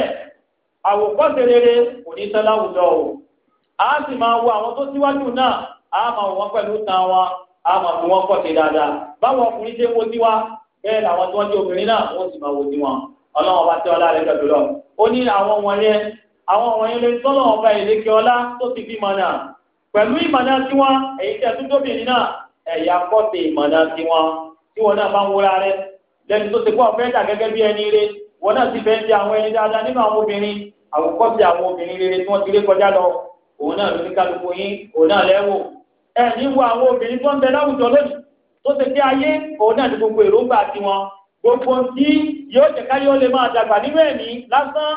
àwòkọ́ṣe rere kò ní tán láwùjọ o a sì máa wo àwọn tó síwájú náà a máa wò wọ́n pẹ̀lú tan wọn a máa fi wọ́n kọ́ṣe dáadáa báwọn ọkùnrin ṣe wo tiwa bẹ́ẹ̀ làwọn tí wọ́n jẹ́ obìnrin náà wọ́n sì máa wo tiwọn ọlọ́wọ́n bá tẹ́ ọlá rẹ̀ jọ jùlọ ó ní àwọn wọ̀nyẹn àwọn wọ̀nyẹn lè tọ́lọ̀ ọba ìlékè ọlá tó ti fi mọ̀nà pẹ̀lú ìmọ̀nà tiwọn èyí tẹ́ tó tóbìnrin náà ẹ̀yà wọn náà ti bẹ́ẹ̀ di àwọn ẹni dáadáa nínú àwọn obìnrin àwòkọ́ ti àwọn obìnrin rere tí wọ́n ti lé kọjá lọ òun náà ló ní kálukú yín òun náà lẹ́wọ̀ ẹ ní wo àwọn obìnrin tó ń bẹ láwùjọ lónìí tó ṣe pé ayé òun náà ti gbogbo èròǹgbà tiwọn gbogbo tí yóò jẹ káyé ó lè máa dàgbà nínú ẹ̀mí lásán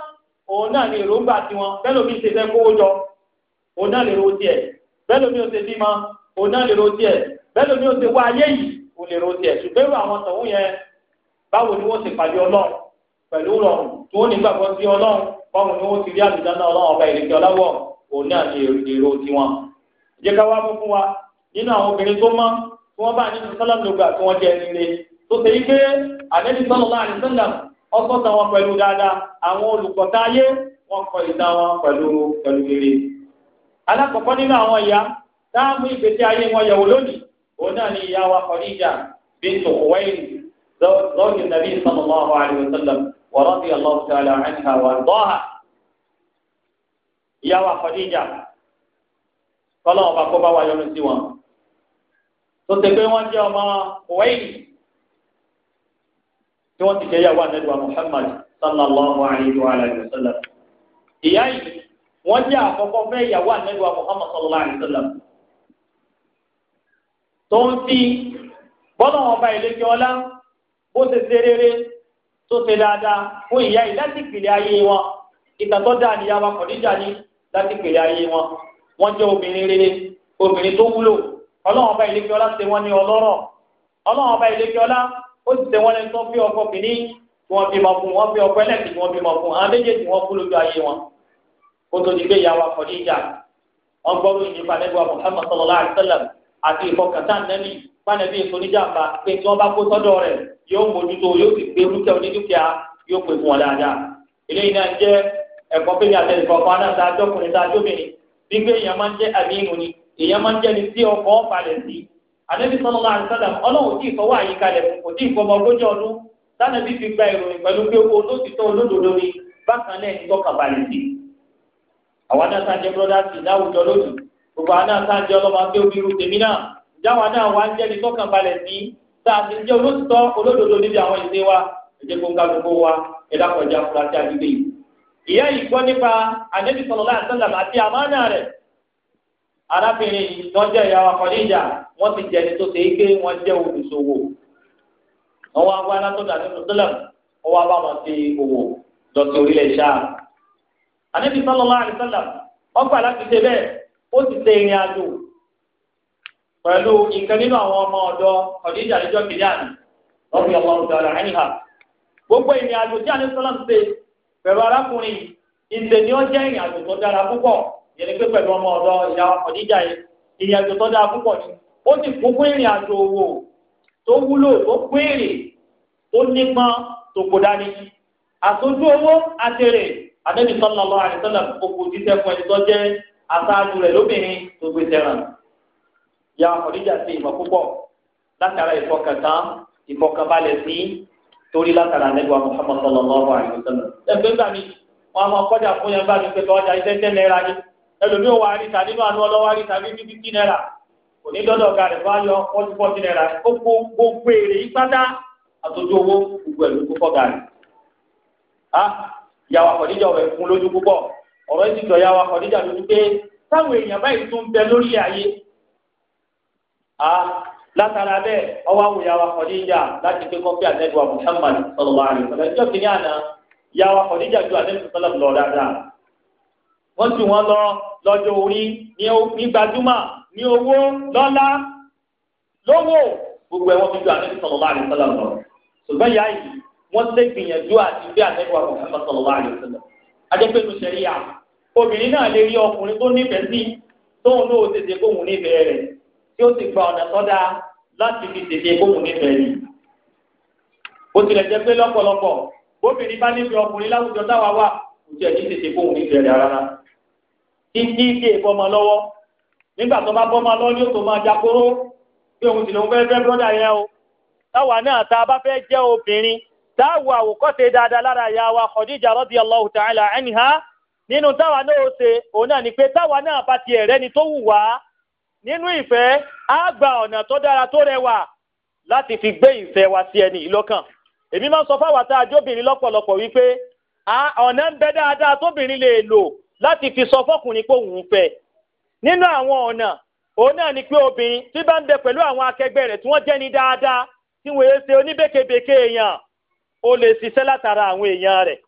òun náà ní èròǹgbà tiwọn bẹ́ẹ̀ lómi ṣe fẹ́ kówó jọ òun náà lè ro tiẹ̀ bẹ́ẹ̀ lómi ó ṣe bímọ òun náà lè ro tiẹ̀ bẹ́ẹ̀ lómi ó ṣe wá ayé yìí òun lè ro tiẹ̀ ṣùgbẹ́rù àwọn tọ̀hún yẹn báwo ni wọ́n ṣe pàdé ọlọ́run pẹ̀lú rọrùn tó nígbàgbọ́ sí ọlọ́run báwọn ni wọ́n ti rí àlùjáná ọlọ́run ọba ìrèké ọláwọ̀ òun náà ni èrò tiwọn. ìjẹ́ ká wá fún wa nínú àwọn obìnrin tó mọ́ tí wọ́n bá nínú sálàm lògbà tí wọ́n jẹ nílé tó ṣe pé àlẹ́bí sọ́lọ́lá àdìsọ́làm ọkọ̀ tán wọn pẹ̀lú dáadáa àwọn olùkọ́tà ayé wọn kọ ìta wọn pẹ̀lú pẹ̀lú rere. alákọ̀ọ́kọ́ nínú àwọn ìyá táàmù wa bintu lọ́ọ̀dì nàbí ورضي الله تعالى عنها وارضاها ìyàwó Khadija kọ́lọ́wọ́ bá kó bá wa yọnu sí wọn tó ti pé wọ́n jẹ́ ọmọ Khuwaylid tí wọ́n ti jẹ́ ìyàwó anẹ́dùwà Muhammad sallallahu alayhi wa alayhi wa sallam ìyá yìí wọ́n jẹ́ àkọ́kọ́ fẹ́ ìyàwó anẹ́dùwà Muhammad sallallahu alayhi wa sallam tó ń ti bọ́lọ̀ wọn bá ilé kí ọlá bó ṣe ṣe rere. tó ṣe dáadáa fún ìyá yìí láti pèlè ayé wọn ìtàn tó dáa ni wa kọ̀díjà ní láti pèlè ayé wọn wọn jẹ́ obìnrin rere obìnrin tó wúlò ọlọ́run ọba ìlẹ́kẹ́ ọlá ṣe wọ́n ní ọlọ́rọ̀ ọlọ́run ọba ìlẹ́kẹ́ ọlá ó ti ṣe wọ́n lẹ́nu tó fi ọkọ kìíní tí wọ́n bímọ fi ọkọ ẹlẹ́kì tí wọ́n bímọ fún àwọn méjèèjì ayé wọn kó tó di pé ìyá kọ̀díjà wọn gbọ́rú pánẹ́bí ìsoníjàmbá pé tí wọ́n bá kó sọ́dọ̀ rẹ̀ yóò mójútó yóò sì gbé dúkìá onídúkìá yóò pè fún wọn dáadáa eléyìí náà jẹ́ ẹ̀kọ́ pé ní àtẹnìkọ̀ kan náà tá a jọkùnrin tá a jóbìnrin gbígbé èèyàn máa ń jẹ́ àmì ni èèyàn máa ń jẹ́ ni tí ọkọ̀ ọ̀fàlẹ̀ sí ànábì sọlọ́lá àdìsọ́lá ọlọ́run tí ìfọwọ́ àyíkalẹ̀ fún kò tí ìfọmọ ogójì ọdún sànàbí fi gba ìròyìn pẹ̀lú pé owó olóòtítọ́ olódodo ni bákan náà jáwa náà wá ń jẹ́ni tọ́kàn balẹ̀ sí a ti jẹ́ olóòtítọ́ olódodo níbi àwọn ìṣe wa ẹ̀jẹ̀ wa ẹ̀dá kọjá fúlàtí àdúgbò yìí. ìyá yìí gbọ́ nípa sọ̀rọ̀ láti àti àmánà rẹ̀ arábìnrin ìyá wa wọ́n ti jẹ́ni tó ṣe é pé wọ́n jẹ́ olùṣòwò ọwọ́ agbára látọ̀dọ̀ àdúgbò sọ́dà ọwọ́ abá wọn ti òwò lọ pẹ̀lú ìkan nínú àwọn ọmọ ọ̀dọ́ Khadija níjọ́ kìlíà ní ọ̀bí ọmọ ọ̀dọ́ ọ̀rọ̀ ẹ̀yìn hà gbogbo ìrìn àjò tí alẹ́ sọ́lá ń ṣe pẹ̀lú arákùnrin ìṣe ni ó jẹ́ ìrìn àjò tó dára púpọ̀ yẹn ni pé pẹ̀lú ọmọ ọ̀dọ́ ìyá Khadija yìí ìrìn àjò tó dára púpọ̀ ni ó sì kún fún ìrìn àjò owó tó wúlò tó péèrè tó nípọn tó kò dání àtòjú owó àtẹrẹ àdébìsọ́nà lọ́wọ́ àdìsọ́nà gbogbo ya Khadija sí ìmọ̀ púpọ̀ látara ìfọkàntán ìfọkànbalẹ̀ sí torí látara nígbà Muhammad sallallahu alaihi wasallam. ẹgbẹ́ gbà mí wọn a máa kọjá fún yẹn gbà mí pé ọjà iṣẹ́ tẹ́ náírà ni ẹlòmíì ò wá àríta nínú àánú ọlọ́wọ́ àríta bíi fífítì náírà kò ní dọ́dọ̀ ọ̀gá rẹ̀ fáyọ fọ́tí fọ́tí náírà gbogbo gbogbo èrè ìpátá àtọ́jú owó gbogbo ẹ̀lú tó fọ́ gàrí. a yàwá Khadija ọ̀rẹ́ fún lójú púpọ̀ ọ̀rọ̀ ìdìtọ̀ yàwá Khadija lójú pé táwọn èèyàn báyìí tún bẹ lórí ayé a látara bẹ́ẹ̀ ọwọ́ àwòyàwó Khadija láti gbé kọ́fí àtẹ́gbà Muhammad sallallahu alaihi wasallam ẹjọ́ kìíní àná yàwó Khadija ju àtẹ́gbà sọlọ́m lọ dáadáa wọ́n ju wọn lọ lọ́jọ́ orí ní gbajúmọ̀ ní owó lọ́lá lówó gbogbo ẹ̀ wọ́n fi ju àtẹ́gbà sallallahu alaihi wasallam lọ ṣùgbọ́n yáa yìí wọ́n lé gbìyànjú àti bí àtẹ́gbà Muhammad sallallahu alaihi wasallam adépẹ́nu sẹ́ríyà obìnrin náà lè rí ọkùnrin tó nífẹ̀ẹ́ sí tóun náà ó tí ó sì gba ọ̀nà sọ́dá láti fi tètè gbóhùn nífẹ̀ẹ́ yìí. bó tilẹ̀ jẹ́ pé lọ́pọ̀lọpọ̀ bóbìnrin bá nífẹ̀ẹ́ ọkùnrin láwùjọ táwa wà kò tiẹ̀ ní tètè gbóhùn nífẹ̀ẹ́ rẹ̀ rárá. títí ilé ìfọmọ lọ́wọ́ nígbà tó bá bọ́mọ lọ́wọ́ yóò tó máa jakoro pé òun sì lòun fẹ́ fẹ́ brọ́dà yẹn o. táwa náà tá bá fẹ́ jẹ́ obìnrin táwa àwòkọ́ṣe dáadáa lára ìyá wa Khadija radiyallahu ta'ala anha nínú táwa náà ó ṣe òun náà ni pé táwa náà bá tiẹ̀ rẹ́ni tó wù wá nínú ìfẹ́ á gba ọ̀nà tó dára tó rẹwà láti fi gbé ìfẹ́ wa sí ẹni ìlọ́kàn èmi máa ń sọ fáwọn àtà àjọbìnrin lọ́pọ̀lọpọ̀ wípé ọ̀nà ń bẹ dáadáa tóbìnrin lè lò láti fi sọ fọkùnrin pé òun fẹ́ nínú àwọn ọ̀nà òun náà ni pé obìnrin tí bá ń bẹ pẹ̀lú àwọn akẹgbẹ́ rẹ̀ tí wọ́n jẹ́ ni dáadáa tí wọ́n yé ṣe oníbèkebèke èèyàn ó lè ṣiṣẹ́ látara àwọn èèyàn rẹ̀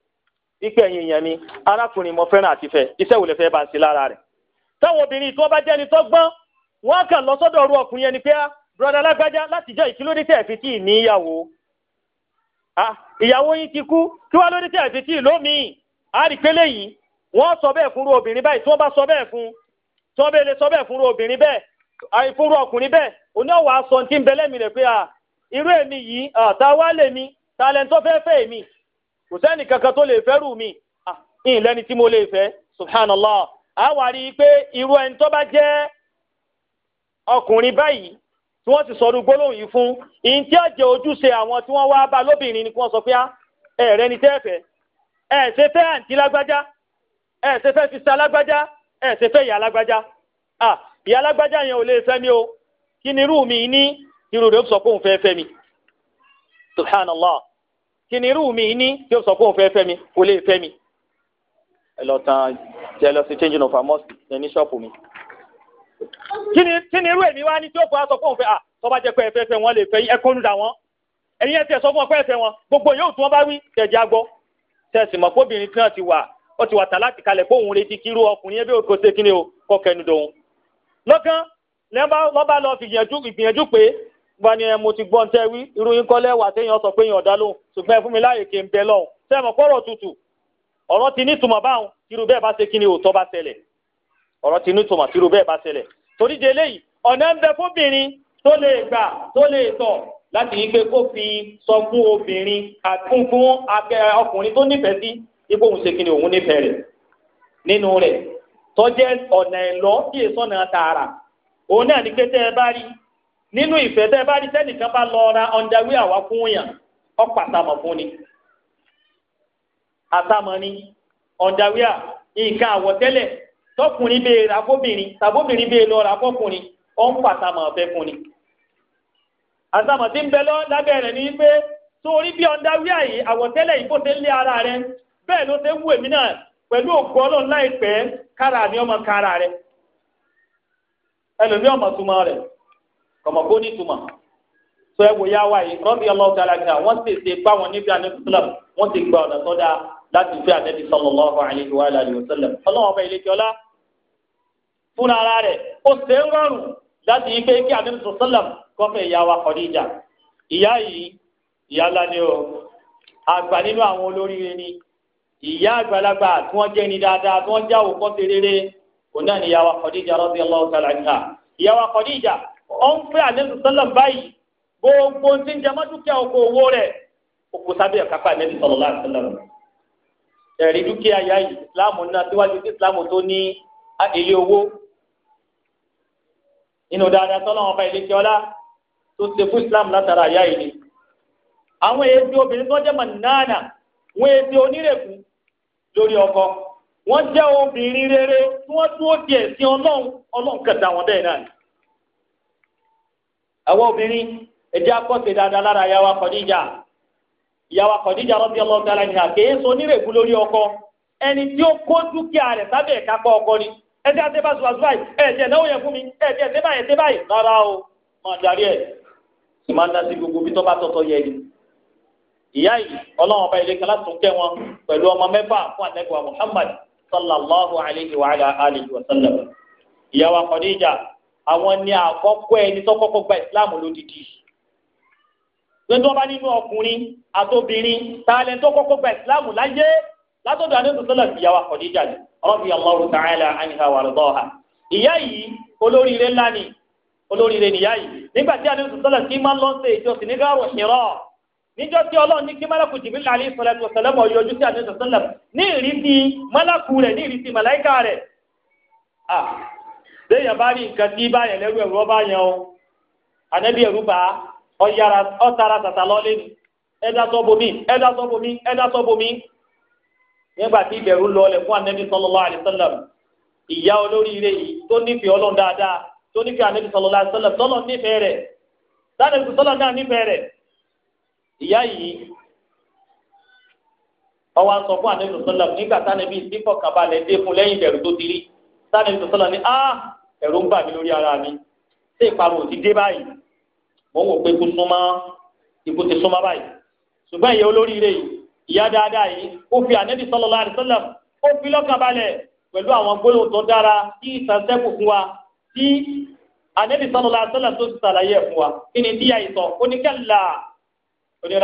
wípé ẹ̀yin èèyàn mi arákùnrin mo fẹ́ràn àti fẹ́ iṣẹ́ wo lè fẹ́ bá ń ṣe lára rẹ̀ táwọn obìnrin tí wọ́n bá jẹ́ ni tó gbọ́n wọn kàn lọ sọ́dọ̀ ọrú ọkùnrin yẹn ni pé broda lágbájá láti jọ ìkílódé tẹ̀ fi tí níyàwó ti kú kí wàá lóde tẹ̀ fi tí lómìn àrípélé yìí wọn sọ bẹ́ẹ̀ fúnrú obìnrin báyìí tí wọ́n bá sọ bẹ́ẹ̀ fún tí wọ́n bẹ́ẹ̀ lè sọ mi ta tó kò kankan tó lè tí mo lè pé irú ọkùnrin báyìí tí wọ́n ti sọ̀rọ̀ gbólóhùn yìí fún ìyìn tí àjẹ́ ojúṣe àwọn tí wọ́n wá bá lóbìnrin ni kí wọ́n sọ pé ah, ẹ̀rẹ́ ni tẹ́ẹ̀fẹ́ ẹ̀ ṣe fẹ́ àǹtí lágbájá ẹ̀ ṣe fẹ́ fisa lágbájá ẹ̀ ṣe fẹ́ ìyá lágbájá à ah, ìyá lágbájá yẹn ò lè fẹ́ mi o kí ni irú mi ní irú rẹ̀ ó sọ pé òun fẹ́ fẹ́ mi subhanallah kí ni irú mi ní tí ó sọ pé òun fẹ́ fẹ́ mi kò lè fẹ́ mi ẹ lọ tan jẹ lọ sí changing of our mosque ní ṣọ́ọ̀pù mi kí ni irú èmi wá ní tí ó fọ aṣọ fún òun fẹ́ à ah, tó bá jẹ́ pé ẹfẹ fẹ́ wọn lè fẹ́ ẹ kọlù dà wọn ẹ̀yin ẹtì ẹsọ fún ọ pé ẹfẹ wọn gbogbo yóò tún wọn bá wí tẹjá gbọ́ tẹsí mọ kóbìnrin tí wọn ti wà ó ti wà tà láti kalẹ̀ pé òun retí kí irú ọkùnrin ẹbí òkò ṣe kí ni o kọ kẹnu dòun. lọ́kàn lọ́ba lọ fi ìgbìyànjú pé bá ní ẹ mo ti gbọ́n tẹ́ wí irú yín kọ́lẹ́ wà téèyàn sọ pé èèyàn ọ̀dá lóhùn ṣùgbọ́n ẹ fún mi láàyè kí n bẹ lọ́hùn sẹ́mọ̀ kọ́rọ̀ tutù ọ̀rọ̀ ọ̀rọ̀ ti ní tòmọ̀ tírú bẹ́ẹ̀ bá ṣẹlẹ̀ torí de eléyìí ọ̀nà ń bẹ fóbìnrin tó lè gbà tó lè tọ̀ láti yí pé kó fi sọ fún obìnrin fún fún ọkùnrin tó nífẹ̀ẹ́ sí ipò òun ṣe kí ni òun nífẹ̀ẹ́ rẹ̀ nínú rẹ̀ tọ́jẹ́ ọ̀nà ẹ̀lọ́ kí èso náà tààrà òun náà ní pé tẹ́ ẹ bá rí nínú ìfẹ́ tẹ́ ẹ bá rí tẹ́nìkan bá lọ ra underwear wá fún yàn ọ́ pàtàmọ̀ fún ni àtàmọ̀ ni underwear nǹkan àwọ̀tẹ́lẹ̀ tọkùnrin bẹ́ẹ̀ elu ọrụ tàbóbìnrin bẹ́ẹ̀ fọkùnrin ọ ń pàtàmọ̀ ọ̀fẹ́ ni. àtàmọ̀ tí ń bẹ lọ lábẹ́ rẹ̀ ni pé sórí bí ọ̀ndà àwọ̀tẹ́lẹ̀ yìí ń lé ara re bẹ́ẹ̀ ló ṣe ń wù èmi náà pẹ̀lú ọlọ́run láìpẹ́ kára ni ọmọ kára ẹlòmí ọmọ túmọ̀ rẹ̀ kọ̀mọ̀ kó ní túmọ̀ ẹ wò yá wa yìí rọ́bì wọn fúnra ara rẹ̀ ó ṣe ń rọrùn láti yí pé kí àmínú tó sọ́là kọ́fẹ́ ìyá wa Khadija ìyá yìí ìyá ńlá ni o àgbà nínú àwọn olóríire ni ìyá àgbàlagbà tí wọ́n jẹ́ ni dáadáa tí wọ́n já òkọ́ ṣe rere kò náà ni ìyá wa Khadija radiyallahu ta'ala anha ìyá wa Khadija ó ń fẹ́ àmínú tó sọ́là báyìí gbogbo tí ń jẹmọ́ dúkìá oko owó rẹ̀ oko sábẹ́ ọ̀kápá ẹ̀mẹ́bí sallallahu alaihi wasallam. ẹ̀rí dúkìá yá ìsìláàmù náà síwájú sí ìsìláàmù tó ní ilé owó nínú dáadáa tọ́lọ́wọ́n ọba ilé kíọ́lá tó ṣe fún Islam látara àyà yìí ni. àwọn èsì obìnrin tó jẹ́ mọ̀nánà wọ́n èsì onírèkú lórí ọkọ wọ́n jẹ́ obìnrin rere tí wọ́n dúró di ẹ̀sìn ọlọ́run ọlọ́run kẹta wọn bẹ́ẹ̀ náà àwọn obìnrin ẹ̀jẹ̀ akọ́ṣe dáadáa lára yàwá Khadija yàwá Khadija radiyallahu ta'ala anha kèé so onírèkú lórí ọkọ ẹni tí ó kó dúkìá rẹ̀ sábẹ́ ọkọ ni. ẹjẹ́ àti bá ṣùgbọ́n ṣùgbọ́n ẹ̀jẹ̀ náwó yẹn fún mi ẹ̀jẹ̀ ẹ̀jẹ̀ báyìí ẹ̀jẹ̀ báyìí rárá o máa darí ẹ̀ sì máa ń dá sí gbogbo bí tó tọ́tọ́ yẹ ni. ìyá yìí ọlọ́run ọba ilé kan láti tún kẹ́ wọn pẹ̀lú ọmọ mẹ́fà fún àtẹ́gbà Muhammad sallallahu alayhi wa alihi wa sallam. ìyá wa Khadija àwọn ni àkọ́kọ́ ẹni tó kọ́kọ́ gba ìsìláàmù lódìdí gbẹdọ bá nínú ọkùnrin àtobìnrin tààlẹ tó kọ́kọ́ gba ìsìláàmù láyé látọ̀dọ̀ àdéhùn sọlá ìyá wa radiyallahu ta'ala anha wa radaha ìyá yìí olóríire ńlá ni olóríire nìyá yìí nígbà tí àdéhùn sọ̀tọ́lá kí máa ń lọ sí ìjọsìn ní gáàrò ìrọ̀ níjọ́ tí ọlọ́run ní kí mọ́lákù jìbìlá alẹ́ sọ̀lẹ́tù ọ̀sẹ̀lẹ́mọ̀ yọjú sí àdéhùn sọ̀tọ́lá ní ìrísí mọ́lákù rẹ̀ ní ìrísí màláìkà rẹ̀ léèyàn bá rí nǹkan tí báyẹn lẹ́rú ẹ̀rú ọba yẹn o ànábì ẹ̀rú bá ọ̀yàrá ọ̀tara tàtà lọ́lé ẹ̀dá sọ́bomi ẹ̀dá sọ́bomi ẹ̀dá sọ́bomi nígbà tí ìbẹ̀rù lọlẹ̀ fún anabi sallallahu alaihi wasallam ìyá olóríire yìí tó nífẹ̀ẹ́ ọlọ́run dáadáa tó nífẹ̀ẹ́ anabi sallallahu alaihi wasallam tọ́lọ̀ nífẹ̀ẹ́ rẹ̀ sanabi sọlọ náà nífẹ̀ẹ́ rẹ̀ ìyá yìí ọwọ́ sọ fún anabi sọlọ nígbà sanabi sífọ̀ kàbalẹ̀ dé fún lẹ́yìn ìbẹ̀rù tó ti rí sanabi sọlọ ní a ah, ẹ̀rù ń bà mí lórí ara mi ṣé ìparun ò ti dé báyìí mo ń wò pé kó súnmọ́ ikú ti súnmọ́ báyìí ṣùgbọ́n ìyá olóríire yìí ìyá dáadáa yìí ó fi ànẹ́bí sallallahu alaihi ó fi lọ́kàn balẹ̀ pẹ̀lú àwọn gbólóhùn tó dára tí ìsànsẹ́kù fún wa tí ànẹ́bí sallallahu alaihi wasallam tó ti sàlàyé ẹ̀ fún wa kí ni díyà ìsọ̀ ó ní kẹ́là ó ní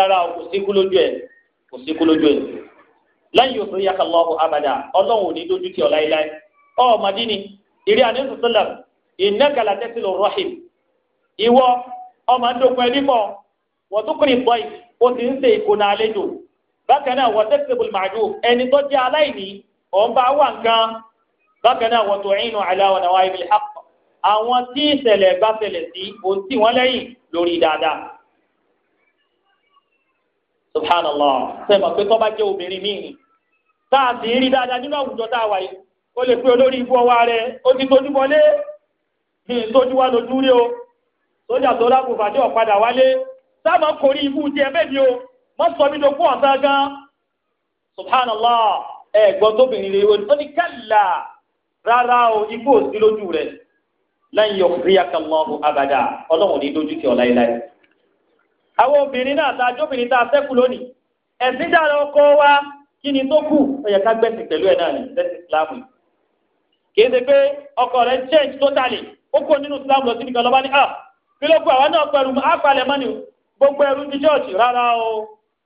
lójú ẹ̀ kò síkú lójú ẹ̀ láyé òfin yàtọ̀ lọ́wọ́ abàdà ọlọ́run ò ní ọ ni ànẹ́bí bákan náà wọ́n tẹ́sítẹ́bù màdù ẹni tó jẹ́ aláìní ọ̀n bá wà nǹkan bákan náà wọ́n tó ẹ̀yìn aláwọ̀ náà wáyé bíi hàpọ̀ àwọn tí ìṣẹ̀lẹ̀ bá ṣẹlẹ̀ sí òun tì wọ́n lẹ́yìn lórí dáadáa. subhanallah sẹ́mi pé tọ́ bá jẹ́ obìnrin míì ni tá a sì ń rí dáadáa nínú àwùjọ tá a wà yìí lè pé olórí ibú ọwọ́ rẹ̀ ó ti tójú wọlé ní ìtójú wa lójú rí o sójà tó lágùn má sọ mí dogún ọ̀sán gan subhanallah ẹ̀gbọ́n tóbìnrin rẹ̀ wọ́n ní kálá rárá o ikú sí lójú rẹ̀ lẹ́yìn yọkùnríyàkàlọ́hùn abàdà ọlọ́run ní lójú tí ọ láéláé. obìnrin náà ta ajóbìnrin tá a fẹ́kù lónìí ẹ̀sìn dára ọkọ wa kí ni tó kù ká gbẹ̀sìn pẹ̀lú ẹ̀ náà ní ah, lẹ́sìn ṣe gbogbo ẹrú ti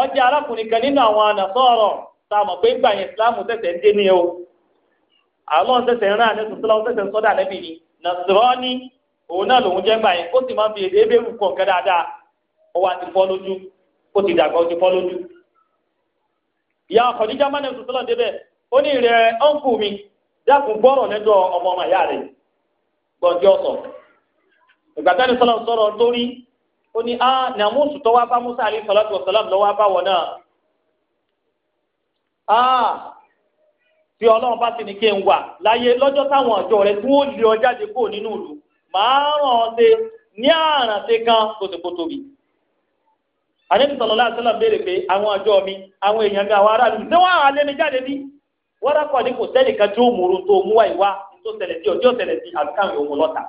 ọjà arákùnrin kan nínú àwọn ànàsọ́ọ̀rọ̀ tá a mọ̀ pé gbà yẹn islam tẹ̀sẹ̀ ń dé ní o àwọn tẹ̀sẹ̀ ń rán àná tuntun láwọn tẹ̀sẹ̀ ń sọ́dà ni nàṣírọ́ọ̀nì òun náà lòun jẹ́ gbà yẹn ó sì máa ń fi èdè ebéèrú kọ̀ọ̀kan dáadáa ó ti fọ́ lójú ó ti dàgbà ó ti fọ́ lójú ìyá débẹ̀ ó ní ó ní á ah, nàmúùsù tó wá bá Musa alayhi salatu wa salam lọ́wọ́ abáwọ̀ náà á ah, bí ọlọ́run bá ti ní kí n wà láyé lọ́jọ́ táwọn ọ̀jọ́ rẹ̀ tí wọ́n lé ọ jáde kúrò nínú ìlú màá ràn ọ́ ṣe ní àrànṣe kan tó ti kó tóbi àdébí sọlọlá àtọlọ béèrè pé àwọn àjọ mi àwọn èèyàn mi àwọn aráàlú ṣé wọn àwọn alẹni jáde bí wọ́n rákọ̀ ní kò sẹ́nìkan tí ó mòrò tó mú wáyé wá tó ṣẹlẹ̀ sí ọjọ́ ṣẹlẹ̀ sí àbíkáwọn òun lọ́ta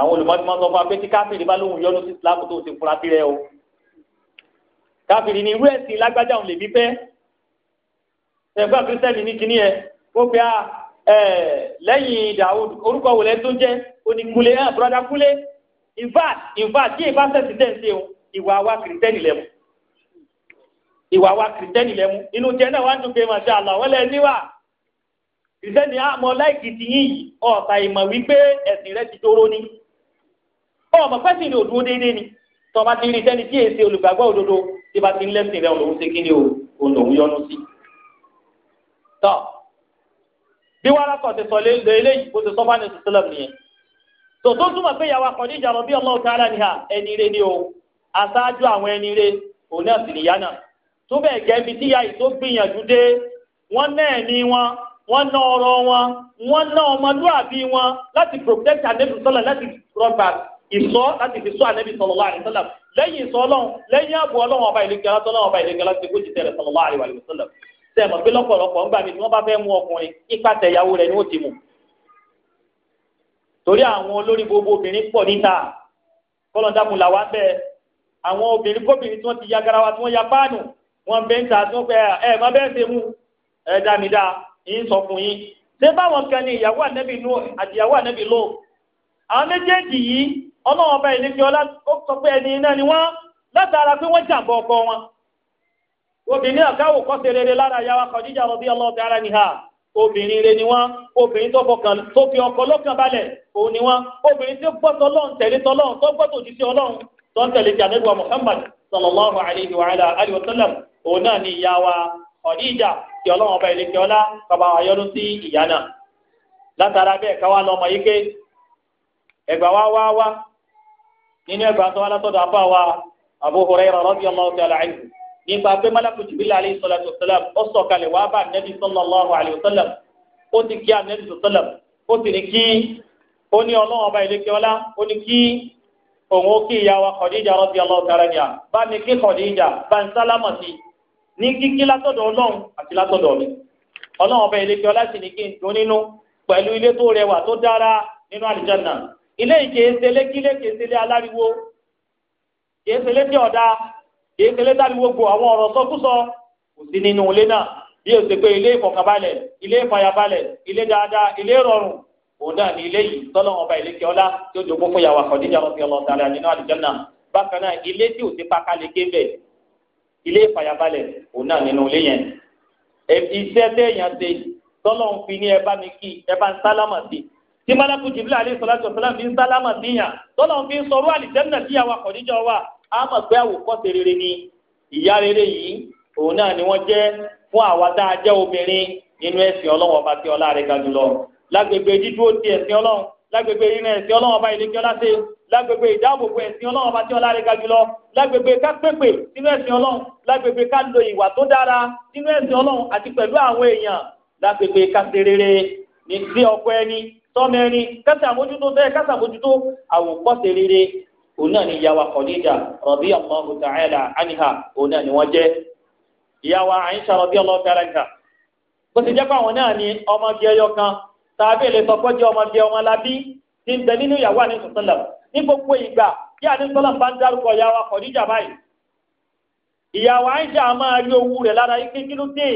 àwọn olùmọ̀tìmọ̀ sọ fún wa pé tí káfíìrì bá lóhùn yọnu sí islam tó ti fura sí o káfíìrì ni irú ẹ̀sìn lágbájá òun lè bí pẹ́ ẹ̀gbọ́n kírísítẹ́nì ní kinní ẹ̀ ó pe a lẹ́yìn Dawud orúkọ wò lẹ́tọ́ jẹ́ oníkunlé ẹ̀ bùrọ̀dá kúlé infact infact tí ìbá sẹ̀sì dẹ̀ ń ṣe o ìwà wa kírísítẹ́nì lẹ́mu ìwà wa kírísítẹ́nì lẹ́mu inú jẹ́ náà wá pé màṣá àlọ́ wọ́n lẹ́ níwà àmọ́ láìkì ti yìí ọ̀tà ìmọ̀ wípé ẹ̀sìn rẹ ti dóró ní ọmọ pẹ́sìn ni òdúró déédéé ni tọ́ba ti rí sẹ́ni tí èsì olùgbàgbọ́ òdodo tí bá ti ń lẹ́sìn rẹ̀ òun ṣe kí ni òun lòun yọnu sí. tọ́ bí wàhálà kan ti sọ eléyìí kó ti sọ bá ní sùsùlọ̀m nìyẹn. tòótọ́ túmọ̀ pé ìyàwó akọ̀dé ìjà rọ̀bí ọlọ́run tí ara nìyà ẹni rẹ ni o aṣáájú àwọn ẹni rẹ òun náà sì nìyá náà. tó bẹ́ẹ̀ gẹ́ ibi tíyà yìí tó gbìyànjú dé wọ́n náà ní wọn wọ́n ná ọrọ̀ wọn wọ́n ná ọmọlúwàbí wọn láti protect àdébùsọ́lá láti rọ́bà ìsọ láti fi sọ ànábì sallallahu alaihi wasallam lẹ́yìn ìsọ ọlọ́run lẹ́yìn ààbò ọlọ́run ọba ìlú kẹlá tọ́lọ́run ọba ìlú kẹlá ti kó jìtẹ̀ rẹ̀ sallallahu alaihi wasallam sẹ́mọ̀ pé lọ́pọ̀lọpọ̀ ń gbà mí tí wọ́n bá fẹ́ mú ọkùnrin ipa tẹ̀yàwó rẹ̀ ni ó ti mú. torí àwọn olórí gbogbo obìnrin pọ̀ níta kọ́lọ́dàmù làwa ń bẹ àwọn obìnrin kóbìnrin tí wọ́n ti ya garawa tí wọ́n ya páànù wọ́n bẹ́ ń ta tí wọ́n fẹ́ ẹ má bẹ́ẹ̀ ṣe mú ẹ dá mi dá yín sọ fún yín. ṣé báwọn kan ní ìyàwó ànẹ́bì lò àwọn méjèèjì yìí ọlọ́wọ́n ọba ilé kí ọlá ó sọ pé ẹni iná ni wọn látara pé wọ́n jàǹbọ ọkọ wọn. obìnrin kọ́sẹ̀ rere lára yàrá ara obìnrin ni wọ́n obìnrin tó fọkàn tó fi ọkọ lọ́kàn balẹ̀ òun ni wọ́n obìnrin tó gbọ́ tọlọ́run tẹ̀lé tó gbọ́ tòjú sí tó ń tẹ̀lé Muhammad sallallahu alayhi wa alayhi wa sallam òun náà ni ìyá wa ọba ilé látara bẹ́ẹ̀ lọ́mọ yíké ẹgbà wá nínú ẹgbàá tó wá látọ̀dọ̀ apá wa Abu Hurairah radiyallahu ta'ala anhu nípa pé malaku jibril alayhi salatu wasalam ó sọ̀kalẹ̀ wá bá nẹ́bí sallallahu alayhi wasallam ó ti kí anẹ́bí sallam ó ti ní kí ó ní ọlọ́run ọba ilé kíọ́lá ó ní kí òun ó kí ìyá wa Khadija radiyallahu ta'ala anha bá mi kí Khadija bá ń sálámọ̀ sí ní kíkí látọ̀dọ̀ ọlọ́run àti látọ̀dọ̀ mi ọlọ́run ọba ilé kíọ́lá sì ní kí n dún nínú pẹ̀lú ilé tó rẹwà tó dára nínú àlìjánnà ilé ìkéésele kílé kéésele aláriwo kéésele tí ọ̀dà kéésele táriwo gbò àwọn ọ̀rọ̀ sọkúsọ kò sí nínú ilé náà bí o ṣe pé ilé ìfọ̀kànbalẹ̀ ilé ìfàyàbalẹ̀ ilé dáadáa ilé rọrùn òun náà ní ilé yìí tọ́lọ́ ọba ìlékè ọlá tí ó jogún fún yàwá Khadija rọ́bì ọlọ́ọ̀tàlẹ̀ nínú àlùjánnà bákan náà ilé tí ò ti pa káleke bẹ̀ ilé ìfàyàbalẹ̀ òun náà nínú ilé yẹn iṣẹ́ tẹ̀yàn ṣe tọ́lọ́ ń fi ní ẹ bá mi kí ẹ bá ń sálámà sí i tí malaku jibril alayhi salatu wasalam fi ń sálámà síyàn tọ́lọ̀ fi ń sọ̀rọ̀ àlìjẹ́nà sí àwa kọ̀díjọ́ wa á mọ̀ pé àwòkọ́ṣe rere ni ìyá rere yìí òun náà ni wọ́n jẹ́ fún àwa tá a jẹ́ obìnrin nínú ẹ̀sìn ọlọ́wọ́n ọba tí ọlá rẹ̀ ga jùlọ lágbègbè dídúró ti ẹ̀sìn ọlọ́run lágbègbè iná ẹ̀sìn ọlọ́run ọba ìlẹ́kẹ́ ọlá ṣe lágbègbè ìdáàbòbò ẹ̀sìn ọlọ́run ọba tí ọlá rẹ̀ ga jùlọ lágbègbè ká pépè nínú ẹ̀sìn ọlọ́run lágbègbè ká lo ìwà tó dára nínú ẹ̀sìn ọlọ́run àti pẹ̀lú àwọn èèyàn lágbègbè ká ṣe rere ní sí ọkọ ẹni tọ́mọ ẹni kásàmójútó bẹ́ẹ̀ kásàmójútó àwòkọ́ṣe rere òun náà ni ìyàwó Khadija radiyallahu ta'ala anha òun náà ni wọ́n jẹ́ ìyàwó Aisha radiyallahu ta'ala anha bó ti jẹ́ pé àwọn náà ni ọmọge ẹyọ kan tàbí ilé sọ pọ́jọ́ ọmọge ọmọ labí ti ń bẹ nínú ìyàwó àní sọ̀tọ̀lọ̀ ní gbogbo ìgbà kí àní sọ̀tọ̀lọ̀ bá ń dárúkọ ìyàwó Khadija báyìí ìyàwó Aisha máa rí owó rẹ̀ lára ike kí ló dé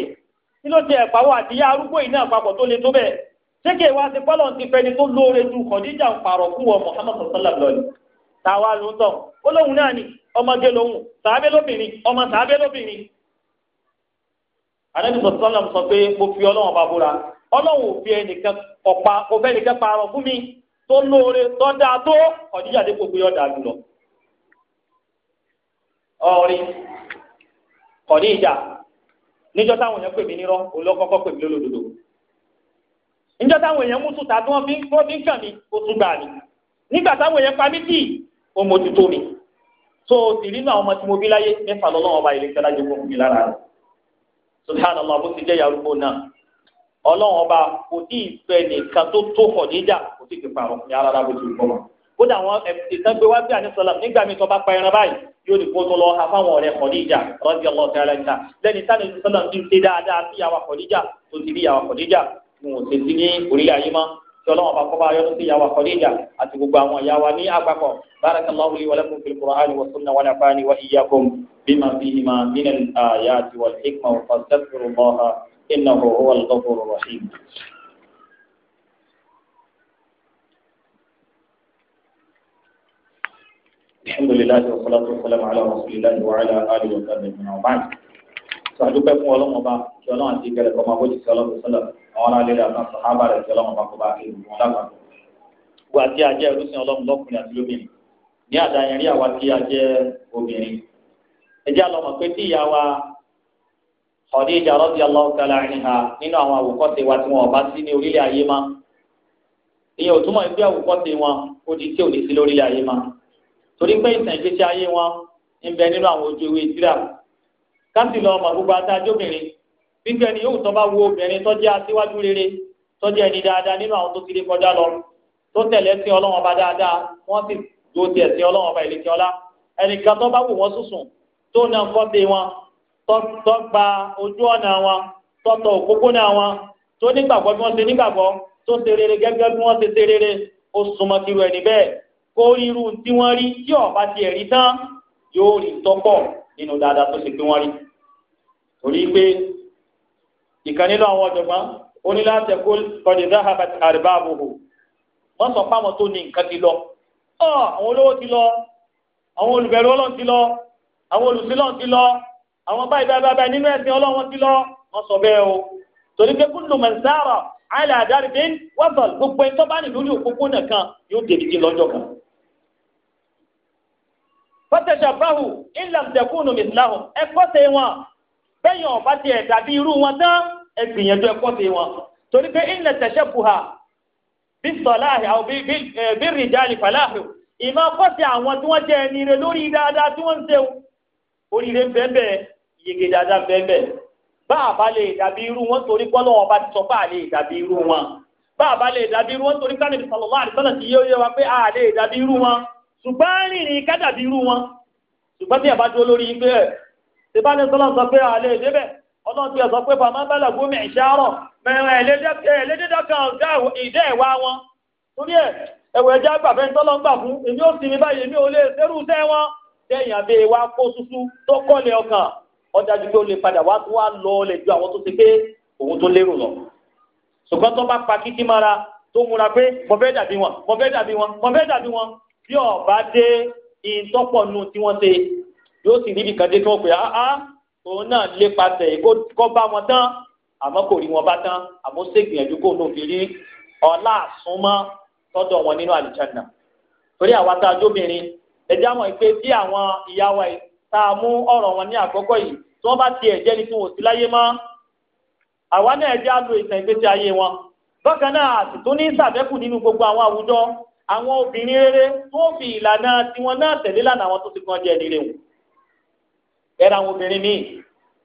kí ló dé ẹ̀pàwọ̀ àti ìyá arúgbó yìí náà tó le tó bẹ́ẹ̀ sékè wá sí pọ́lọ̀ ti fẹni tó lóore ju kọ̀díjà ń pààrọ̀ fún wọn Muhammadu sallam lọ́ọ̀lì tàwa ló ń tọ̀ ó lóhun náà ni ọmọge lòun sàábé lóbìnrin ọmọ sàábé lóbìnrin anabi sọ sọlọm sọ pé mo fi ọlọ́wọ́n bá búra ọlọ́wọ́n ò fi ẹnìkan ọ̀pá ọ̀fẹ́ nìkan pààrọ̀ fún mi tó lóore tó dáa tó kọ̀díjà dé gbogbo yọ̀ dàbí lọ. ọ̀rin kọ̀díjà níjọ́ táwọn èèyàn pè mí nírọ́ olókọ́kọ́ pè mí lólódodo níjọ́ táwọn èèyàn mú sùtà tí wọ́n fi ń kàn mí ó tún gbà mí nígbà táwọn èèyàn pa mí tì ó mo ti tó mi tó o sì nínú àwọn ọmọ tí mo bí láyé mẹ́fà lọ́lọ́wọ́ ọba ìlẹ́sẹ̀ lájú fún mi lára rẹ̀ subhanallah bó ti jẹ́ yarúgbó náà ọlọ́run ọba kò tí ì fẹ́ nìkan tó tó hàn níjà kò tí ì fi pààrọ̀ ní alára bó ti rí bọ́ọ̀ kódà àwọn ìtàn gbé wá bí àníṣọlá nígbà mi tó bá pa ẹran báyìí yóò ní kó tó lọ ha fáwọn ọ̀rẹ́ kọ̀díjà radiyallahu ta'ala anha lẹ́ni tánìṣọlá ti ń ṣe dáadáa sí yàwá kọ̀díjà tó ti rí yàwá kọ̀díjà wọn ò ṣèṣì ní orílẹ̀ ayé mọ́ tí ọlọ́wọ́n bá kọ́ba ayọ́nú sí ìyàwó àkọ́déjà àti gbogbo àwọn ìyàwó ní àpapọ̀ barakallahu li wa lakum fil qur'ani wa sunna wa nafani wa iyyakum bima fihima min al ayati wal hikma wa fastaghfirullaha innahu huwal ghafurur rahim. الحمد لله والصلاة والسلام على رسول الله وعلى آله وصحبه أجمعين. sàdúpẹ́ fún ọlọ́mọba kí ọlọ́run àti ìgbẹ́lẹ̀ kọ́ máa bójú sí ọlọ́run sọ́lá àwọn ará lérè àtàwọn sàhábà rẹ̀ tí ọlọ́run bá kó wọn lágbàdo. wà tí a jẹ́ ẹrúsìn ọlọ́run lọ́kùnrin àti lóbìnrin ní àdáyẹnrí àwa tí a jẹ́ obìnrin. ẹ jẹ́ àlọ́ pé tí ìyá wa Khadija radiyallahu ta'ala anha nínú àwọn àwòkọ́ṣe wa tí wọn sí ní orílẹ̀ ayé má ìyẹn ò túmọ̀ wọn ó di tí ò ní sí lórílẹ̀ ayé má torí pé ayé wọn ń bẹ nínú àwọn ojú lọ gbígbẹ́ ni yóò tó bá wo obìnrin tó jẹ́ aṣíwájú rere tó jẹ́ ẹni dáadáa nínú àwọn tó ti lè kọjá lọ tó tẹ̀lé sí ọlọ́wọ́n bá dáadáa wọ́n sì do tiẹ̀ sí ọlọ́wọ́n bá ìlẹ̀kẹ́ ọlá ẹnìkan tó bá wù wọ́n sùsùn tó na kọ́tẹ́ wọn tó gba ojú ọ̀nà wọn tó tọ òpópónà wọn tó nígbàgbọ́ bí wọ́n ṣe nígbàgbọ́ tó ṣe rere gẹ́gẹ́ bí wọ́n ṣe ṣe rere ó súnmọ́ tìrú ẹni bẹ́ẹ̀ kó irú tí wọ́n rí tí ọ̀bá ti ẹ̀rí tán yóò rí tọ́pọ̀ nínú dáadáa tó ṣe pé wọ́n rí torí pé ìkan nínú àwọn ọ̀jọ̀gbọ́n ó ní láti ẹ̀kọ́ kọ́díńdà habat arbaabuhu wọ́n sọ fáwọn tó ní nǹkan ti lọ ọ àwọn olówó ti lọ àwọn olùbẹ̀rù ọlọ́run ti lọ àwọn olùsílọ́run ti lọ àwọn báyìí báyìí báyìí nínú ẹ̀sìn ọlọ́run ti lọ wọ́n sọ bẹ́ẹ̀ o torí pé kúndù mẹ̀sára àìlè àdáre dé wọ́pọ̀ gbogbo ẹni tó bá nìlú ní òpópónà kan yóò débi di lọ́jọ́ kan. fọ́tẹ̀sà báwù ìlànà tẹ̀kùnù mìsìláhùn ẹ kọ́sẹ̀ wọn bẹ́yìn ọ̀bá tiẹ̀ dàbí irú wọn tán ẹ gbìyànjú ẹ kọ́ wọn torí pé ìnà tẹ̀sẹ̀ buha bí sọláàhì àwọn bí rìjáàlì fàlàhì ìmọ̀ kọ́ àwọn tí wọ́n jẹ ẹni rẹ lórí dáadáa tí wọ́n ń oríire bẹ́ẹ̀ yege dáadáa lè dàbí irú wọn torí wọn bá ti sọ pé a lè dàbí irú wọn rìnrìn ká dàbí irú wọn dúró lórí pé ṣe bá ní a lè ọlọ́run ti sọ pé bàmá bàlà gómi ìṣàrọ̀ mẹ́rin ẹ̀lẹ́dẹ́dọ́kan ọ̀gá ìdẹ́ ẹ̀wà wọn torí ẹ̀ ẹ̀wọ̀ ẹ̀já gbàfẹ́ ń tọ́lọ́ ń gbà fún èmi ò sinmi báyìí èmi ò lè ṣerú sẹ́ wọn tẹ̀yìn àbẹ́ wa kó tútú tó kọ́lé ọkàn ọjà ju pé ó lè padà wá tó wá lọ ọ lè ju àwọn tó ti pé òun tó lérò lọ ṣùgbọ́n tó bá pa kíkí mara tó múra pé mo fẹ́ dàbí wọn mo fẹ́ dàbí wọn mo fẹ́ dàbí wọn bí ọba dé ìtọ́pọ̀ nù tí wọ́n ṣe yóò sì níbi kan dé kí wọ́n pè á á òun náà lépa tẹ̀ kó bá wọn tán àmọ́ kò rí wọn bá tán àmọ́ ṣègbìyànjú kó ló fi rí ọlá àsúnmọ́ tọ́dọ̀ wọn nínú àlùjánnà torí àwa tá a jóbìnrin ẹ̀jẹ̀ àwọn ìpè bí àwọn ìyá wa yìí tá a mú ọ̀rọ̀ wọn ní àkọ́kọ́ yìí tí wọ́n bá tiẹ̀ jẹ́ ní tí wọ́n sì láyé mọ́ àwa náà ẹ̀jẹ̀ á lo ìtàn ìgbésí ayé wọn bákan náà àtìtún ní sàbẹ́kù nínú gbogbo àwọn àwùjọ àwọn obìnrin rere tó fi ìlànà tiwọn náà tẹ̀lé lánàá àwọn tó ti gan jẹ́ nílé wọn ẹ̀rọ àwọn obìnrin míì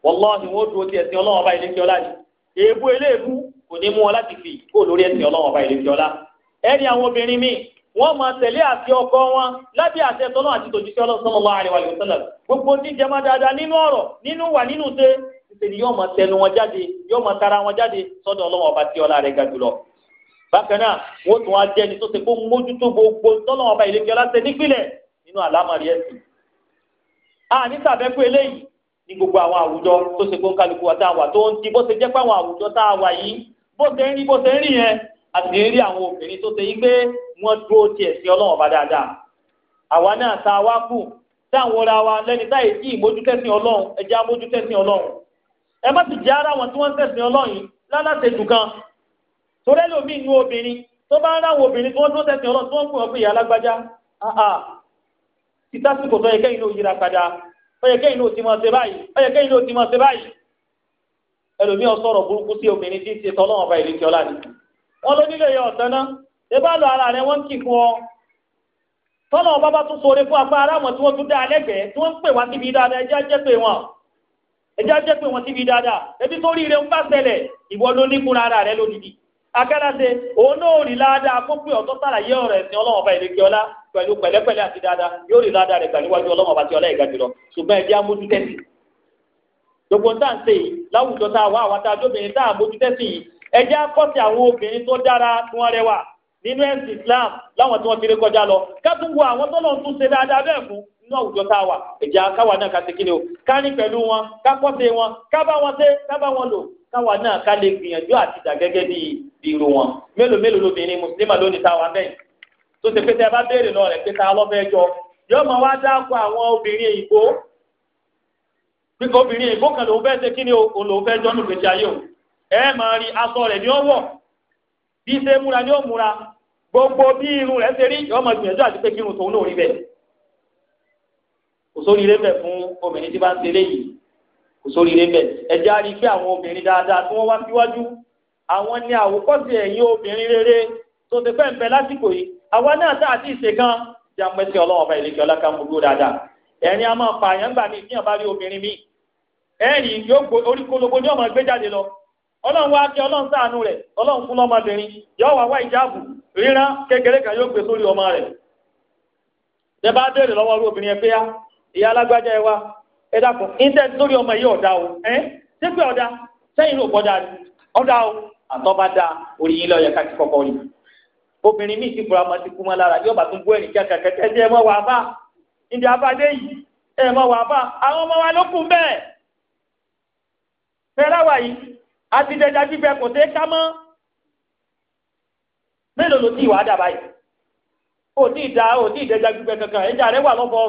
wọlọ́ọ̀hìn wọ́n dúró ti ẹ̀sìn ọlọ́wọ́n ọba ìlẹ́kì ọlá ni èébú eléèbú kò ní mú fi kó lórí ẹ̀sìn ọba ìlẹ́kì ọlá ẹ̀rí àwọn obìnrin wọ́n máa tẹ̀lé àti ọkọ wọn lábẹ́ àti ẹ̀tọ́ àti tòjúṣẹ́ ọlọ́sọ́lọ́ wa àríwá ìlú gbogbo ní dáadáa nínú ọ̀rọ̀ nínú wà nínú ṣe yóò máa tẹnu wọn jáde yóò máa tara wọn jáde a ní sàbẹ́kú eléyìí ní gbogbo àwọn àwùjọ tó ṣe gbóǹkà lóko àti àwà tó ń ti bó ṣe jẹ́ pé àwọn àwùjọ tá a wà yìí bó ṣe ń rí bó ṣe ń rí yẹn a sì rí àwọn obìnrin tó ṣe yí pé wọ́n dúró tiẹ̀ sí ọlọ́run bá dáadáa àwa náà tá wá kù tá àwọn ra wa lẹ́ni táyé tí ìmójútẹ́sìn ọlọ́run ẹja mójútẹ́sìn ọlọ́run ẹ má sì jẹ́ ara wọn tí wọ́n ń tẹ̀sìn ọlọ́run yìí lálàtẹ̀jù kan torí ẹlòmíì nu obìnrin tó bá ń ráwọn obìnrin tí wọ́n dúró tẹ̀sìn ọlọ́run títàsìkò tó yẹ kẹ́yìn ló yíra padà ó yẹ kẹ́yìn ló ti mọ̀ ṣe báyìí ó yẹ kẹ́yìn ló ti mọ̀ ṣe báyìí ẹlòmíì ọ̀sọ̀rọ̀ burúkú sí obìnrin tí ń ṣe tọ́lọ́wọ́n ọba ìrìnkì ọ̀la ni wọ́n ló nílò ìyá ọ̀tán náà ṣé bá lọ ara rẹ wọ́n ń kì fún ọ tọ́lọ́wọ́n bá bá tún sọ̀rọ̀ fún apá aráàmọ̀ tí wọ́n tún dá alẹ́gbẹ̀ẹ́ tí wọ́n ń pè wá síbi dáadáa ẹjá jẹ́ pé wọn ẹjá jẹ́ dáadáa ẹbí tó rí rẹ ń bá ṣẹlẹ̀ ìwọ ló ní fúnra ara rẹ lódìdí akẹ́láṣe òun náà rí ládàá kó pé ọ̀tọ́ sàlàyé ọ̀rọ̀ ẹ̀sìn ọlọ́run ọba ìlẹ́kì ọlá pẹ̀lú pẹ̀lẹ́pẹ̀lẹ́ àti dáadáa yóò rí ládàá rẹ̀ gbà níwájú ti ọlá ìgbà jùlọ ṣùgbọ́n ẹ̀jẹ̀ amójútẹ́sì gbogbo ń tàn sèyí láwùjọ tá a wá àwọn àtàjọ obìnrin tá a mójútẹ́sì yìí ẹ̀jẹ̀ akọ́sí àwọn obìnrin tó Islam lọ wo àwọn tó lọ́n nínú àwùjọ tá a wà ẹ̀jẹ̀ náà ká ṣe kí ni o ká ní pẹ̀lú wọn ká pọ́sẹ̀ wọn ká bá wọn ká bá wọn lò káwa náà ká lè gbìyànjú àti dà gẹ́gẹ́ bí irú wọn mélòó mélòó lóbìnrin lónìí táwa bẹ́ẹ̀ tó ta jọ yóò máa wá dáko àwọn obìnrin èyíkó obìnrin èyíkó kan lòun fẹ́ ṣe kí ni o lòun fẹ́ jọ ayé o ẹ máa rí aṣọ ní wọ bí ṣe múra ní gbogbo bí irun rẹ̀ ṣe rí yóò gbìyànjú àti pé kírun sórí rẹ bẹ fún obìnrin tí bá ń tẹlé yìí kò sórí rẹ bẹ ẹjẹ á rí i pé àwọn obìnrin dáadáa tí wọn wá síwájú àwọn ni àwòkọ́sí ẹ̀yìn obìnrin rere tó ti fẹ́ ń bẹ lásìkò yìí àwa náà tá àti ìṣe kan tí a mẹ́sì ọlọ́wọ́n bá ìlẹ́kẹ́ ọlá kan gbogbo dáadáa ẹ̀rin a máa pààyàn gbà mí ìfihàn bá rí obìnrin mi ẹ̀rin yóò gbó orí kólógbó ní ọmọ gbé jáde lọ ọlọ́run wá kí ọlọ́run ṣàánú rẹ̀ ọlọ́run fún lọ́mọbìnrin yóò wá wá ìjáàbù ríran kékeré kan yóò gbé sórí ọmọ rẹ̀ tẹ bá béèrè lọ́wọ́ irú obìnrin ẹ pé á ìyá alágbájá ẹ wá ẹ dákun intanet lórí ọmọ yìí ọ̀dà o ẹ ṣé pé ọ̀dà sẹ́yìn ló kọjá ọ̀dà o àtọ́ba da orí yín lọ́yẹ káàkiri kọ́kọ́ rí obìnrin míì ti fura ma ti kú mọ́ lára yóò bá tún bú ẹ̀rìn kẹ́kẹ́ kẹ́kẹ́ ẹ mọ́ wàá bá ìdí abáde yìí ẹ mọ́ wàá bá àwọn ọmọ wa ló kù bẹ́ẹ̀ fẹ́rẹ́ wà yìí àti dẹjà fífẹ́ kò tẹ́ ká mọ́ mélòó ló ti ìwà dà báyìí ò tí ì da fífẹ́ kankan ẹ̀jà rẹ wà lọ́bọ̀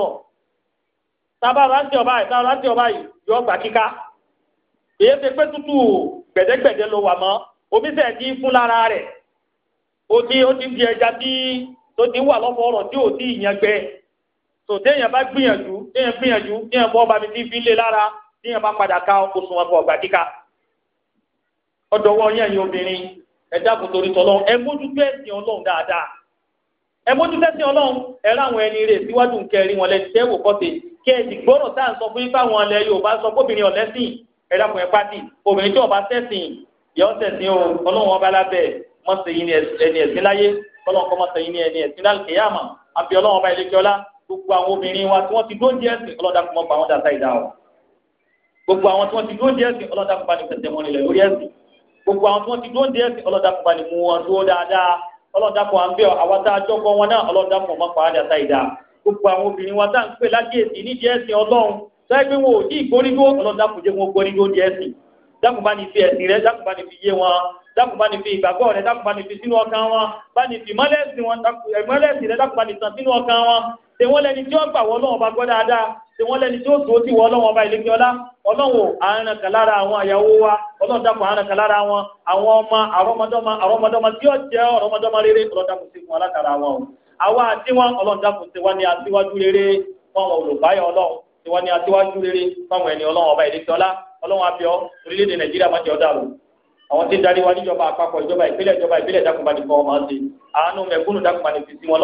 tábà láti ọba yìí tábà láti ọba yìí yọ gbà kíká èyí ti pé tútù gbẹ̀dẹ́gbẹ̀dẹ́ ló wà mọ́ omi sẹ̀ ti fún lára rẹ̀ o ti ó ti di ẹja tí tó ti wà lọ́fọ̀ ọ̀rọ̀ tí ò tí ì yẹn gbẹ tò téèyàn bá gbìyànjú téèyàn gbìyànjú téèyàn bọ́ ọba mi ti fi lé lára téèyàn bá padà ká oṣù wọn fọ ọgbà kíká ọdọwọ yẹn yín obìnrin ẹ dákun torí tọlọ ẹ mójútó ẹsìn Ọlọ́run dáadáa ẹ mójú tẹ́sí ọlọ́run ẹ ráwọn ẹni rè síwájú nkẹrin wọn lẹni tẹ́wò kọ́tẹ kí ẹ ti gbọ́dọ̀ tá à ń sọ fún yín fáwọn ọlẹ Yorùbá sọ fóbìnrin ọ̀lẹ́sìn ẹ dákun ẹ pátì obìnrin tí ọba sẹ́sìn yọ sẹ́sìn o ọlọ́run ọba lábẹ́ mọ̀sẹ̀ yín ẹni ẹ̀sìn láyé ọlọ́run kọ́ mọ̀sẹ̀ yín ẹni ẹ̀sìn lálùkẹ́yàmà àbí ọlọ́run ọba ìlẹ́kẹ́ọ́lá gbogbo àwọn obìnrin wa tí wọ́n ti dóńjẹ́ ẹ̀sìn ọlọ́dàkùn mọ́ bá wọn dàtà ìdá o gbogbo àwọn ti dóńjẹ́ ẹ̀sìn ọlọ́dàkùn bá wọn nílẹ̀ ọlọ́dàpọ̀ à ń bẹ̀ àwọn tá a jọ́gbọ́ wọn náà ọlọ́dàpọ̀ mọ́ pàálí àtà ìdá gbogbo àwọn obìnrin wa tá à ń pè lákèésí nídìí ẹ̀sìn ọlọ́run sọ́yẹ́ pé wọn ò ní ìgbórígbó ọlọ́dàpọ̀ jẹ́ wọn gbórígbó ní ẹ̀sìn dákun bá ní fi ẹ̀sìn rẹ dákun bá ní fi yé wọn dákun bá ní fi ìgbàgbọ́ rẹ dákun bá ní fi sínú ọkàn wọn bá ní fi ṣé wọ́n lẹni tí ó gbà wọ́ lọ́wọ́ bá gbọ́ dáadáa ṣé wọ́n lẹni tí ó tó ti wọ́ lọ́wọ́ bá ilé kí ọlá ọlọ́wọ́ àárín kan lára àwọn àyàwó wa ọlọ́run dàpọ̀ àárín kan lára wọn àwọn ọmọ àrọ́mọdọ́mọ àrọ́mọdọ́mọ tí ó jẹ́ ọ̀rọ̀mọdọ́mọ rere ọlọ́run dàpọ̀ sí wọn látara wọn o àwa àti wọn ọlọ́run dàpọ̀ sí wọn ní aṣíwájú rere wọn wọn olùbáyọ̀ ọlọ́run tí wọn ní aṣíwájú rere àwọn tí ń níjọba àpapọ̀ ìjọba ìpínlẹ̀ ìjọba ìbílẹ̀ dákùnbánifọ̀ ọmọ ọ̀sẹ̀ àánú mẹ̀kúnnù dákùnbánifọ̀ sí wọn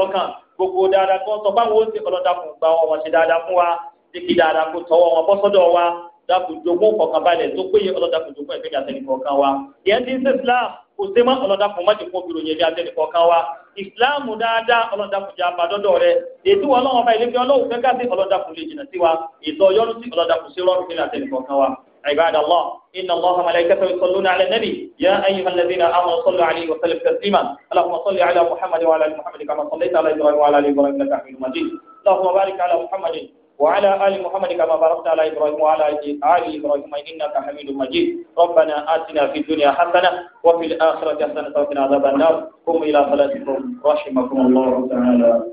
gbogbo dáadáa kí wọ́n sọ báwo ó ti ọlọ́dà fún gba wọn wọn ṣe dáadáa fún wa ṣé kí dáadáa kó tọwọ́ wọn bọ́ sọ́dọ̀ wa dákun jogún kọ̀ọ̀kan balẹ̀ tó péye ọlọ́dà jogún ẹ̀fẹ́ àtẹnì kọ̀ọ̀kan wa ìyẹn ti ń ṣe Islam kò sí mọ́ ọlọ́dà fún mọ́jì fún obìnrin yẹn bí kọ̀ọ̀kan wa Islam dáadáa ọlọ́dà fún jẹ́ abadọ́dọ̀ rẹ ètò ọlọ́wọ́n bá ilé fi ọlọ́wọ́ fẹ́ ká sí ọlọ́dà fún lè jìnà sí wa ètò ọyọ́rùn sí ọlọ́dà sí rọ́ọ̀rùn fún àtẹnì kọ̀ọ̀kan wa عباد الله إن الله ملائكته يصلون على النبي يا أيها الذين آمنوا صلوا عليه وسلم تسليما اللهم صل على محمد وعلى آل محمد كما صليت على إبراهيم وعلى آل إبراهيم إنك حميد مجيد اللهم بارك على محمد وعلى آل محمد كما باركت على إبراهيم وعلى آل إبراهيم إنك حميد مجيد ربنا آتنا في الدنيا حسنة وفي الآخرة حسنة وقنا عذاب النار قم إلى صلاتكم رحمكم الله تعالى